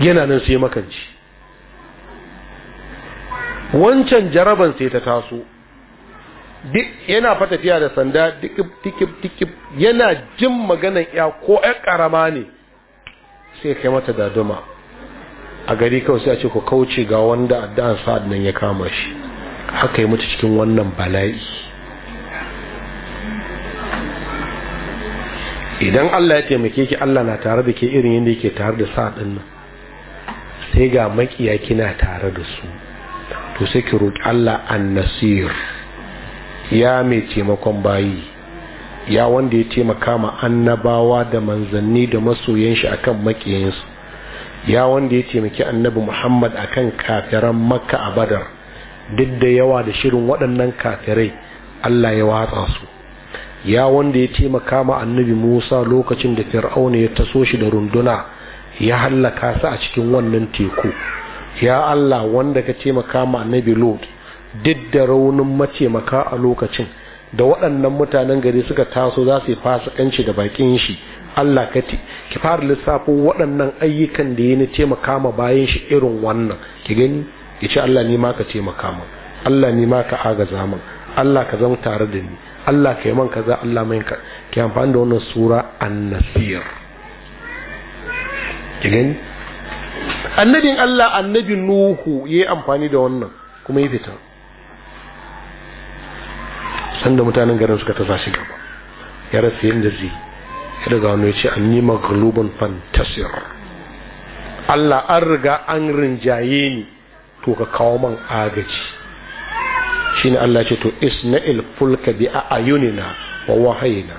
Speaker 1: yana nan sai makanci wancan jaraban sai ta taso duk yana fatafiya da sanda dikip dikip yana jin maganan ya ko ya karama ne sai kai mata daduma a gari kawai sai a ce ku kauce ga wanda addu'an sa'ad nan ya kama shi haka yi mutu cikin wannan bala'i idan Allah ya taimake ki Allah na tare da ke irin yadda yake tare da sa din nan sai ga makiya kina tare da su to sai ki roki Allah an-nasir ya mai taimakon bayi ya wanda ya taimaka ma annabawa da manzanni da masoyan shi akan makiyansu ya wanda ya taimaki annabi Muhammad akan kafiran Makka a Badar duk da yawa da shirin waɗannan kafirai Allah ya watsa su ya wanda ya taimaka ma annabi Musa lokacin da Fir'auna ya taso shi da runduna ya hallaka su a cikin wannan teku ya Allah wanda ka taimaka ma annabi Lut duk da raunin mataimaka a lokacin da waɗannan mutanen gari suka taso za su yi fasikanci da bakin shi Allah ka ki fara lissafo waɗannan ayyukan da ya ni taimaka ma bayan shi irin wannan ki gani ya ce Allah ni ma ka taimaka min Allah ni ma ka agaza min Allah ka zama tare da ni Allah yi man kaza Allah mai ka ke amfani da wannan sura an-nasir ki annabin Allah annabi Nuhu yayi amfani da wannan kuma ya fita sanda mutanen garin suka tasa shi gaba ya rasa yadda zai ya daga wani ya ce an yi maglubin fantasir Allah an riga an rinjaye ni to ka kawo man agaji shine Allah ce to isna'il fulka bi a'yunina wa wahayina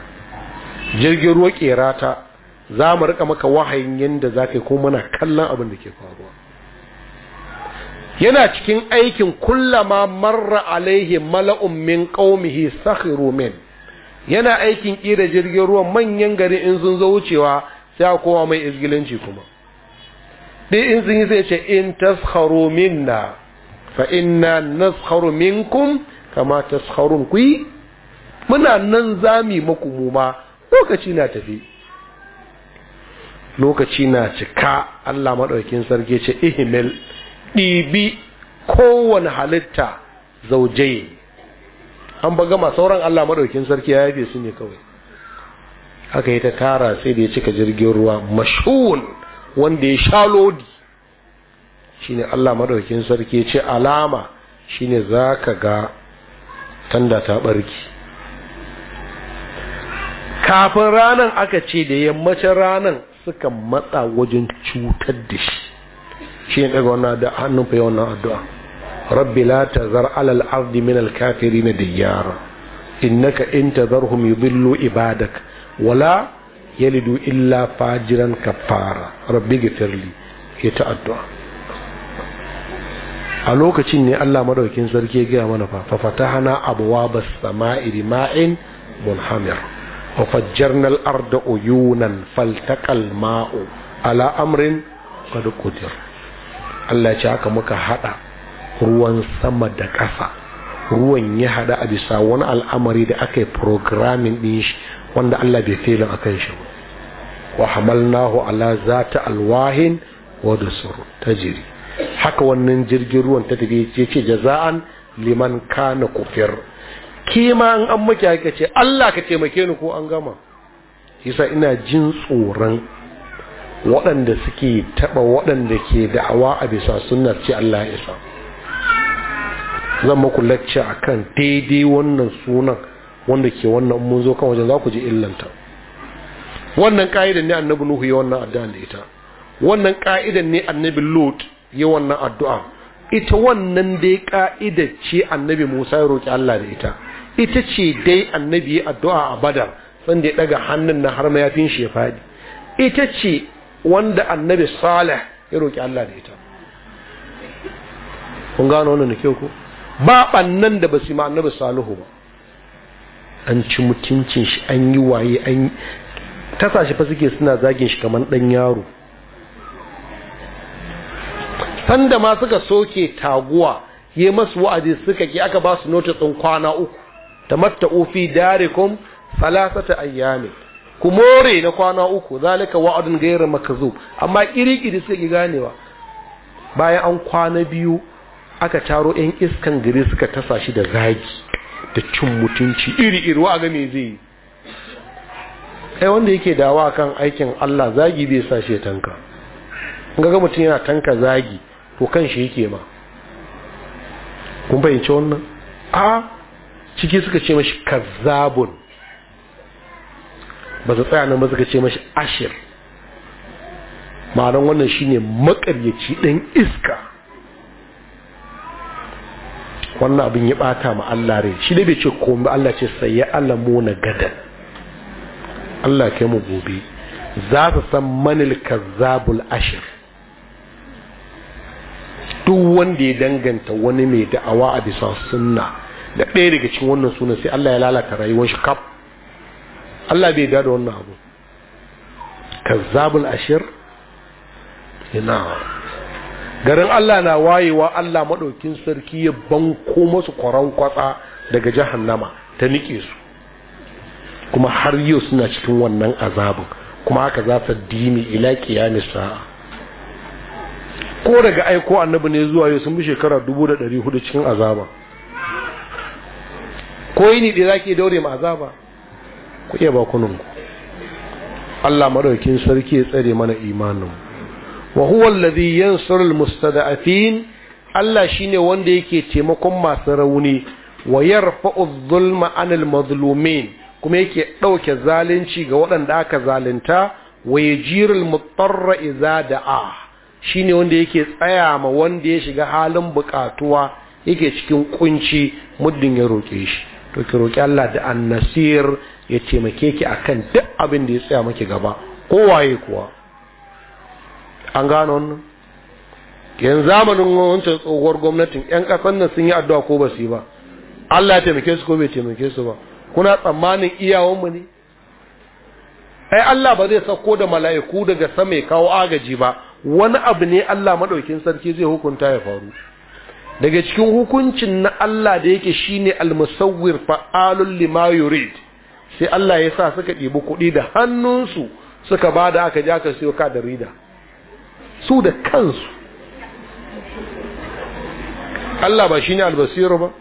Speaker 1: jirgin ruwa kera ta za mu rika maka wahayin yanda za kai ko muna kallon abin da ke faruwa yana cikin aikin kullama marra alaihi mala'un min qaumihi sakhiru min yana aikin kira jirgin ruwa manyan gari in sun zo wucewa sai kowa mai izgilinci kuma dai in sun yi sai ce in tasharu minna fa inna naskharu minkum kama taskharun ku muna nan zami maku mu ma lokaci na tafi lokaci na cika Allah maɗaukin sarki ce ihmil ɗibi kowane halitta zaujai an ba gama sauran Allah maɗaukin sarki ya yafe su ne kawai haka yi ta tara sai da ya cika jirgin ruwa mashun wanda ya sha lodi shine Allah madaukin sarki ce alama shine zaka ga tanda ta barki kafin ranan aka ce da yammacin ranan suka matsa wajen cutar da shi shi ne daga wannan da hannun fa wannan addu'a rabbi la tazar alal ardi min al kafirin diyara innaka in tazarhum yudillu ibadak wala yalidu illa fajiran kafara rabbi gfirli ya ta addu'a a lokacin ne Allah madaukin sarki ya gaya mana fa fa fatahana abwabas sama'i bima'in munhamir wa fajjarna al-arda uyunan faltaqal ma'u ala amrin qad qudir Allah ya ce haka muka hada ruwan sama da ƙasa ruwan ya hada a bisa wani al'amari da aka yi programming din shi wanda Allah bai fela akan shi ba wa hamalnahu ala zata alwahin wa dusur tajri haka wannan jirgin ruwan ta tafi ce ce jaza'an liman kana kufir kima an an maki haka ce Allah ka taimake ni ko an gama yasa ina jin tsoron waɗanda suke taɓa waɗanda ke da'awa a bisa sunna ce Allah ya isa zan muku lacce akan daidai wannan sunan wanda ke wannan mun zo kan wajen za ku ji illanta wannan ka'idan ne annabi nuhu ya wannan addu'a da ita wannan ka'idan ne annabi lut yi wannan addu'a ita wannan dai ka'ida ce annabi Musa ya roƙi Allah da ita ita ce dai annabi ya addu'a a Badar sanda ya daga hannun na har mayafin shi ya faɗi ita ce wanda annabi Salih ya roƙi Allah da ita kun gano wannan nake ku ba ɓannan da basu ma annabi Salihu ba an ci mutuncin shi an yi waye an tasa shi fa suke suna zagin shi kamar dan yaro sanda ma suka soke taguwa yi masu wa'azi suka ki aka ba su nota ɗin kwana uku ta matta ufi darikum salasata ayyane. ku more na kwana uku zalika wa'adun gairar makazu amma kirikiri suka ki ganewa bayan an kwana biyu aka taro yan iskan gari suka tasa shi da zagi da cin mutunci iri iri wa game zai yi kai wanda yake dawa kan aikin Allah zagi bai sa shi tanka ga mutum yana tanka zagi to kan shi yake ma kun fahimci wannan a ciki suka ce mashi kazzabun ba su tsaya nan ba suka ce mashi ashir ma'anar wannan shine makaryaci ɗan iska wannan abin ya ɓata ma Allah rai shi dai bai ce komai Allah ce sai ya mu na gadan Allah kai mu gobe za su san manil kazzabul ashir duk wanda ya danganta wani mai da'awa a bisa sunna da ɗaya daga cikin wannan sunan sai Allah ya lalata rayuwar shi kaf Allah bai da wannan abu kazzabul ashir ina garin Allah na wayewa Allah madaukin sarki ya banko masu kwaran kwatsa daga jahannama ta nike su kuma har yau suna cikin wannan azabin kuma haka za su dimi ila kiyamis sa'a ko daga aiko annabi ne zuwa yau sun bi shekara dubu da dari hudu cikin azaba ko yi ne za ki daure ma azaba ku iya ba kuninku Allah maɗaukin sarki ya tsare mana imanin wa huwa alladhi yansuru almustada'afin Allah shine wanda yake taimakon masu rauni wa yarfa'u adh-dhulma al mazlumin kuma yake ɗauke zalunci ga waɗanda aka zalunta wa yajirul mutarra idza da'a Shi ne wanda yake tsaya ma wanda ya shiga halin bukatuwa yake cikin kunci muddin ya roƙe shi to ki roƙi Allah da annasir ya taimake ki akan duk abin da ya tsaya maki gaba kowaye kuwa an gano wannan yanzu zamanin wancan tsohuwar gwamnatin yan kasan nan sun yi addu'a ko ba su ba Allah ya taimake su ko bai taimake su ba kuna tsammanin iyawanmu ne ai Allah ba zai sauko da mala'iku daga sama ya kawo agaji ba wani abu ne Allah maɗaukin sarki zai hukunta ya faru daga cikin hukuncin na Allah da yake shine al-musawwir fa'alul lima yurid sai Allah ya sa suka ɗibi kuɗi da hannunsu suka ba da aka ji aka siyo ka da rida su da kansu Allah ba shine al-basir ba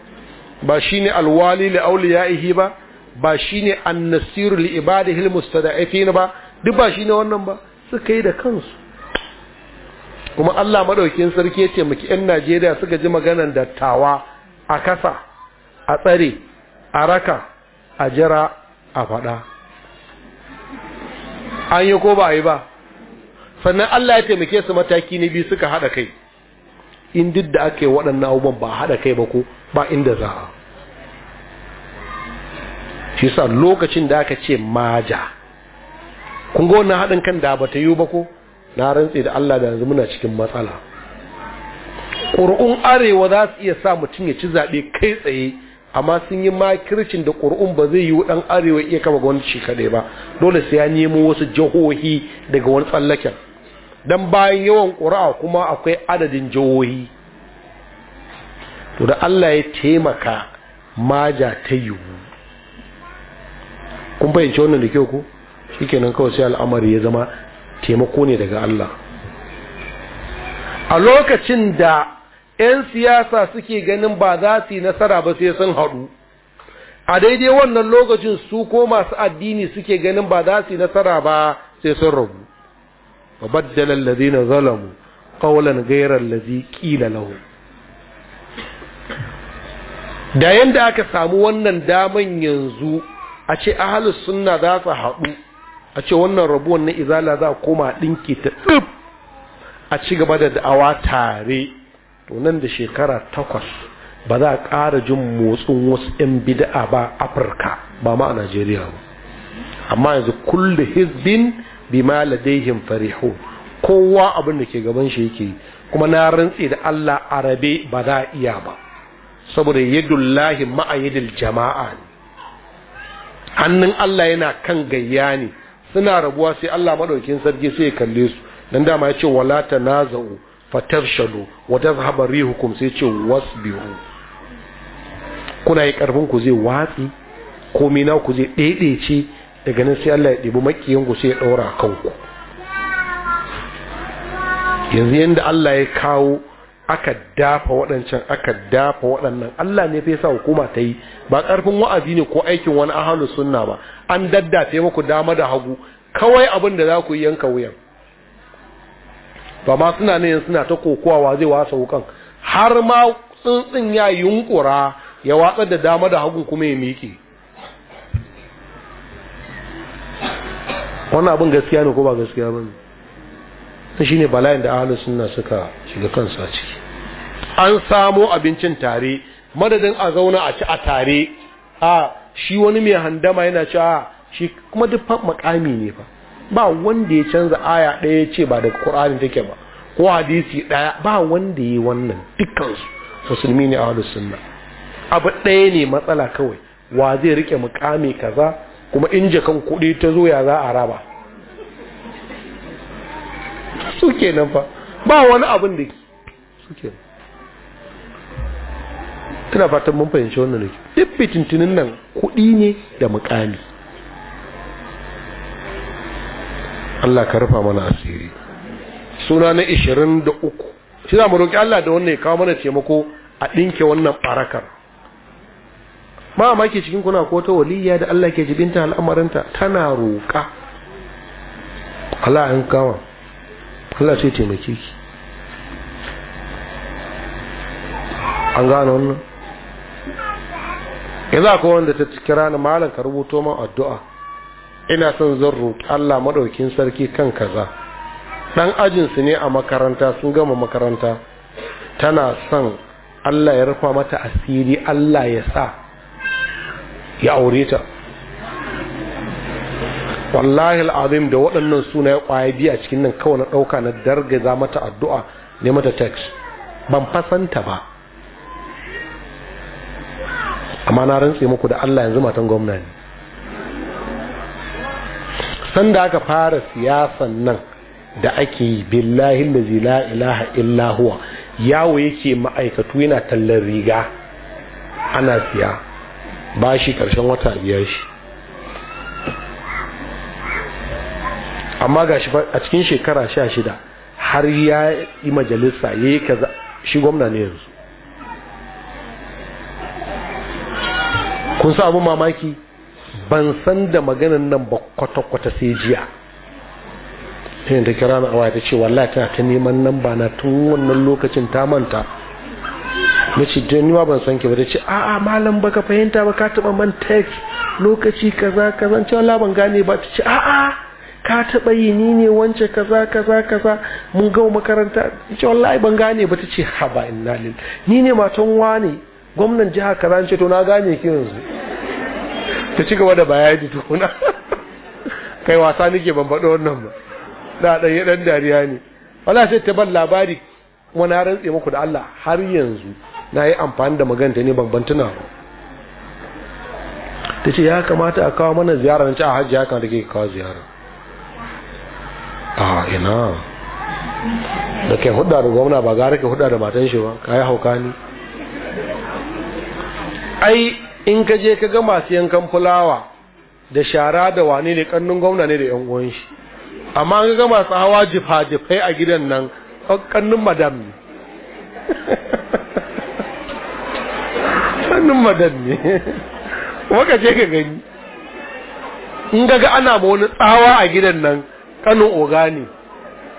Speaker 1: ba shine al-wali li awliyaihi ba ba shine an-nasir li ibadihi al-mustada'ifin ba duk ba shine wannan ba suka yi da kansu kuma Allah madaukin sarki ya taimaki ɗan Najeriya suka ji maganar dattawa a kasa a tsare a raka a jira a faɗa an yi ko ba yi ba sannan Allah ya taimake su mataki ne biyu suka haɗa kai in duk da waɗannan abubuwan ba haɗa kai ba ko ba inda za a shi sa lokacin da aka ce maja kun ga wannan haɗin kan da ba ta yi ba ko na rantse da Allah da yanzu muna cikin matsala ƙuri'un arewa za su iya sa mutum ya ci zaɓe kai tsaye amma sun yi makircin da ƙuri'un ba zai yi ɗan arewa iya kama shi kaɗai ba dole sai ya nemo wasu jihohi daga wani tsallaken don bayan yawan ƙuri'a kuma akwai adadin jihohi to da Allah ya taimaka maja ta yiwu kun fahimci wannan da kyau ko shikenan kawai sai al'amari ya zama taimako ne daga Allah a lokacin da 'yan siyasa suke ganin ba za su yi nasara ba sai sun haɗu a daidai wannan lokacin su ko masu addini suke ganin ba za su yi nasara ba sai sun rabu ba baddalar lazina zalamu ƙaunar gairar lazi ƙila lahu da yadda aka samu wannan daman yanzu a ce ahalus sunna za su haɗu a ce wannan rabuwan na izala za a koma ɗinki ta ɗib a ci gaba da da'awa tare to nan da shekara takwas ba za a ƙara jin motsin wasu 'yan bida'a ba afirka ba ma a najeriya ba amma yanzu kullu hizbin bima ladaihim farihu kowa abin da ke gaban shi yake kuma na rantse da Allah arabe ba za a iya ba saboda yadullahi ma'ayyidil jama'a hannun Allah yana kan gayya ne suna rabuwa sai Allah madaukin sarki sai ya kalle su dan dama ya ce wala tanaza'u fatafshalu wa tazhaba rihukum sai ce wasbiru kuna yi karfin ku zai watsi me na ku zai daidaice daga nan sai Allah ya ɗebi makiyan ku sai ya daura kanku yanzu yanda Allah ya kawo aka dafa waɗancan aka dafa waɗannan Allah ne fa yasa hukuma ta yi ba ƙarfin wa'azi ne ko aikin wani ahalu sunna ba an daddafe muku dama da hagu kawai abin da za ku yi yanka wuyan ba ma suna ne suna ta kokowa zai wasa wukan har ma tsuntsun ya yunkura ya watsar da dama da hagu kuma ya miƙe wannan abin gaskiya ne ko ba gaskiya ba ne shi ne bala'in da ahalus suna suka shiga kansu a ciki an samo abincin tare madadin a zauna a ci a tare a shi wani mai handama yana ci a shi kuma dufan makami ne fa ba wanda ya canza aya ɗaya ce ba daga ƙur'ani take ba ko hadisi ɗaya ba wanda ya yi wannan dukkansu musulmi ne a wadda sunna abu ɗaya ne matsala kawai wa zai rike mukami kaza kuma in jakan kuɗi ta zo ya za a raba su kenan fa ba wani abin da su kenan tana fatan mun fahimci wannan ne duk fitintunin nan kuɗi ne da mukami Allah ka rufa mana asiri suna na 23 shi za mu roƙi Allah da wannan ya kawo mana taimako a ɗinke wannan barakar ma mamaki cikin kuna ko ta waliyya da Allah ke jibinta al'amarinta tana roƙa Allah an kama Allah sai taimake ki an gane wannan yanzu akwai wanda ta kira ni malam ka rubuto man addu'a ina son zan roƙi Allah madaukin sarki kan kaza dan ajin su ne a makaranta sun gama makaranta tana son Allah ya rufa mata asiri Allah ya sa ya aure ta wallahi al'azim da waɗannan suna ya kwaye biya cikin nan kawai na ɗauka na dargaza mata addu'a ne mata text ban fasanta ba amma na rantse muku da Allah yanzu matan gwamna ne sanda aka fara siyasan nan da ake yi billahi lazi la ilaha illa huwa yawo yake ma'aikatu yana tallar riga ana siya ba shi karshen wata biya shi amma ga shi a cikin shekara sha shida har ya yi majalisa ya yi kaza shi gwamna ne yanzu kun sa abu mamaki ban san da maganan nan ba kwata-kwata sai jiya yin da kira na awa ta ce wallahi tana ta neman nan ba na tun wannan lokacin ta manta na ce don ma ban san ki ba ta ce a'a malam ba ka fahimta ba ka taɓa man tex lokaci kaza kaza ce wala ban gane ba ta ce a'a ka taɓa yi ni ne wance kaza kaza kaza mun gama makaranta ce wallahi ban gane ba ta ce haba inna lil ni ne matan wani. gwamnan jihar kaza ce to na gane ki yanzu ta ci gaba da bayani tukuna kai wasa nake ban faɗo wannan ba da dan ya dan dariya ne wala sai ta ban labari kuma na rantse muku da Allah har yanzu na yi amfani da maganta ne ban ta ce ya kamata a kawo mana ziyara na ci a hajji ya kamata ke kawo ziyara a ina da ke hudu da gwamna ba gara ke hudu da matan shi ba ka yi hauka ne ai in ka je ka ga masu yankan fulawa da shara da wane ne kannun gwamna ne da yan uwan shi amma ga ga masu hawa jifa jifai a gidan nan kannun madam ne kannun madam ne waka je ka gani in ga ana ma wani tsawa a gidan nan kanun oga ne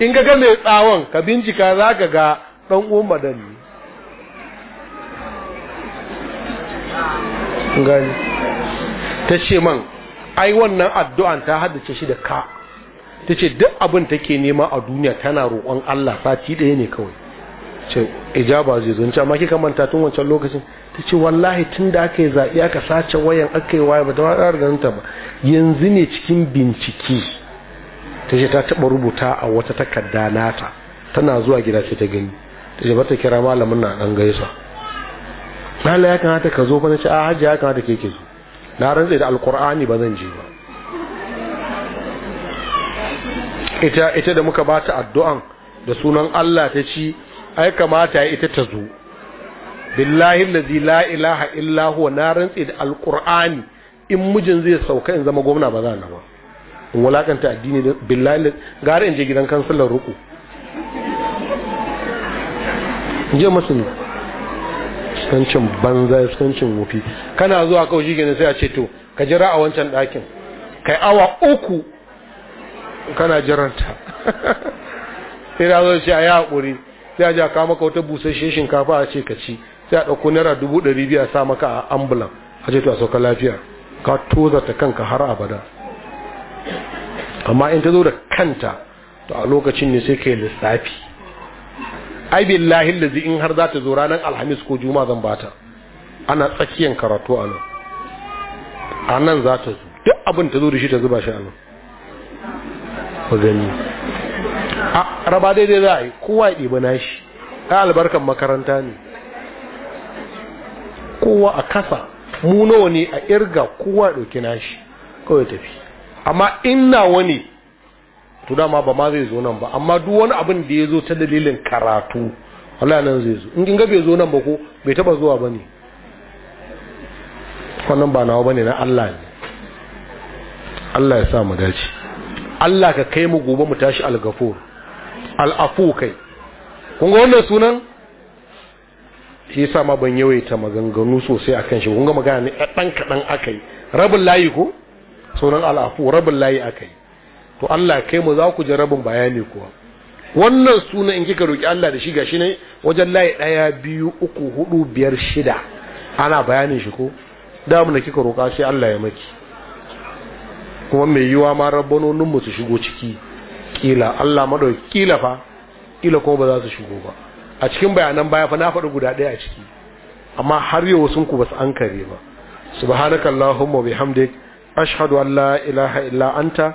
Speaker 1: in ga mai tsawon ka bincika za ka ga ɗan uwan madam ne kun gani ta ce man ai wannan addu'an ta haddace shi da ka ta ce duk abin ke nema a duniya tana roƙon Allah sati ɗaya ne kawai ce ijaba zai zo ce amma kika manta tun wancan lokacin ta ce wallahi tun da aka yi zaɓi aka sace wayan aka yi waya ba ta waɗa ganinta ba yanzu ne cikin bincike ta ce ta taɓa rubuta a wata takarda nata tana zuwa gida ce ta gani ta ce ba ta kira malamin na ɗan gaisa mala ya kamata ka zo fa nace a hajji ya kamata ke ke zo na rantsa da alqur'ani ba zan je ba ita ita da muka bata addu'an da sunan Allah ta ci ai kamata ita ta zo billahi allazi la ilaha illa huwa na rantsa da alqur'ani in mijin zai sauka in zama gwamna ba za na ba in walakanta addini da billahi gara in je gidan kansalar ruku je musulmi fuskancin banza fuskancin wufi kana zuwa kawai shi gina sai a ce to ka jira a wancan ɗakin kai awa uku kana jiranta sai da zo shi a yi haƙuri sai a ji a kawo maka wata busasshe shinkafa a ce ka ci sai a ɗauko naira dubu ɗari biyu a sa maka a ambulan a ce to a sauka lafiya ka toza ta kanka har abada amma in ta zo da kanta to a lokacin ne sai ka yi lissafi ai billahi lazi in har za ta zo ranar alhamis ko juma zan bata ana tsakiyan karatu a nan a nan za ta zo duk abin ta zo da shi ta zuba shi a nan ku gani a raba daidai za a yi kowa ya ɗiba na shi a albarkan makaranta ne kowa a kasa mu nawa ne a irga kowa ya ɗauki na shi kawai tafi amma in nawa to dama ba ma zai zo nan ba amma duk wani abin da ya zo ta dalilin karatu wala nan zai zo in kin ga bai zo nan ba ko bai taba zuwa ba ne wannan ba nawa bane na Allah ne Allah ya sa mu dace Allah ka kai mu gobe mu tashi al-gafur al-afu kai kun ga wannan sunan shi yasa ma ban yawaita maganganu sosai akan shi kun ga magana ne dan kadan akai rabin layi ko sunan al-afu rabin layi akai to Allah kai mu za ku ji rabin bayani kuwa wannan suna in kika roki Allah da shi gashi ne wajen layi ɗaya biyu uku hudu biyar shida ana bayanin shi ko damu da kika roka sai Allah ya maki kuma mai yiwa ma rabbanonin mu su shigo ciki kila Allah madauki kila fa kila kuma ba za su shigo ba a cikin bayanan baya fa na faɗi guda ɗaya a ciki amma har yau sun ku basu an kare ba subhanakallahumma bihamdik ashhadu an la ilaha illa anta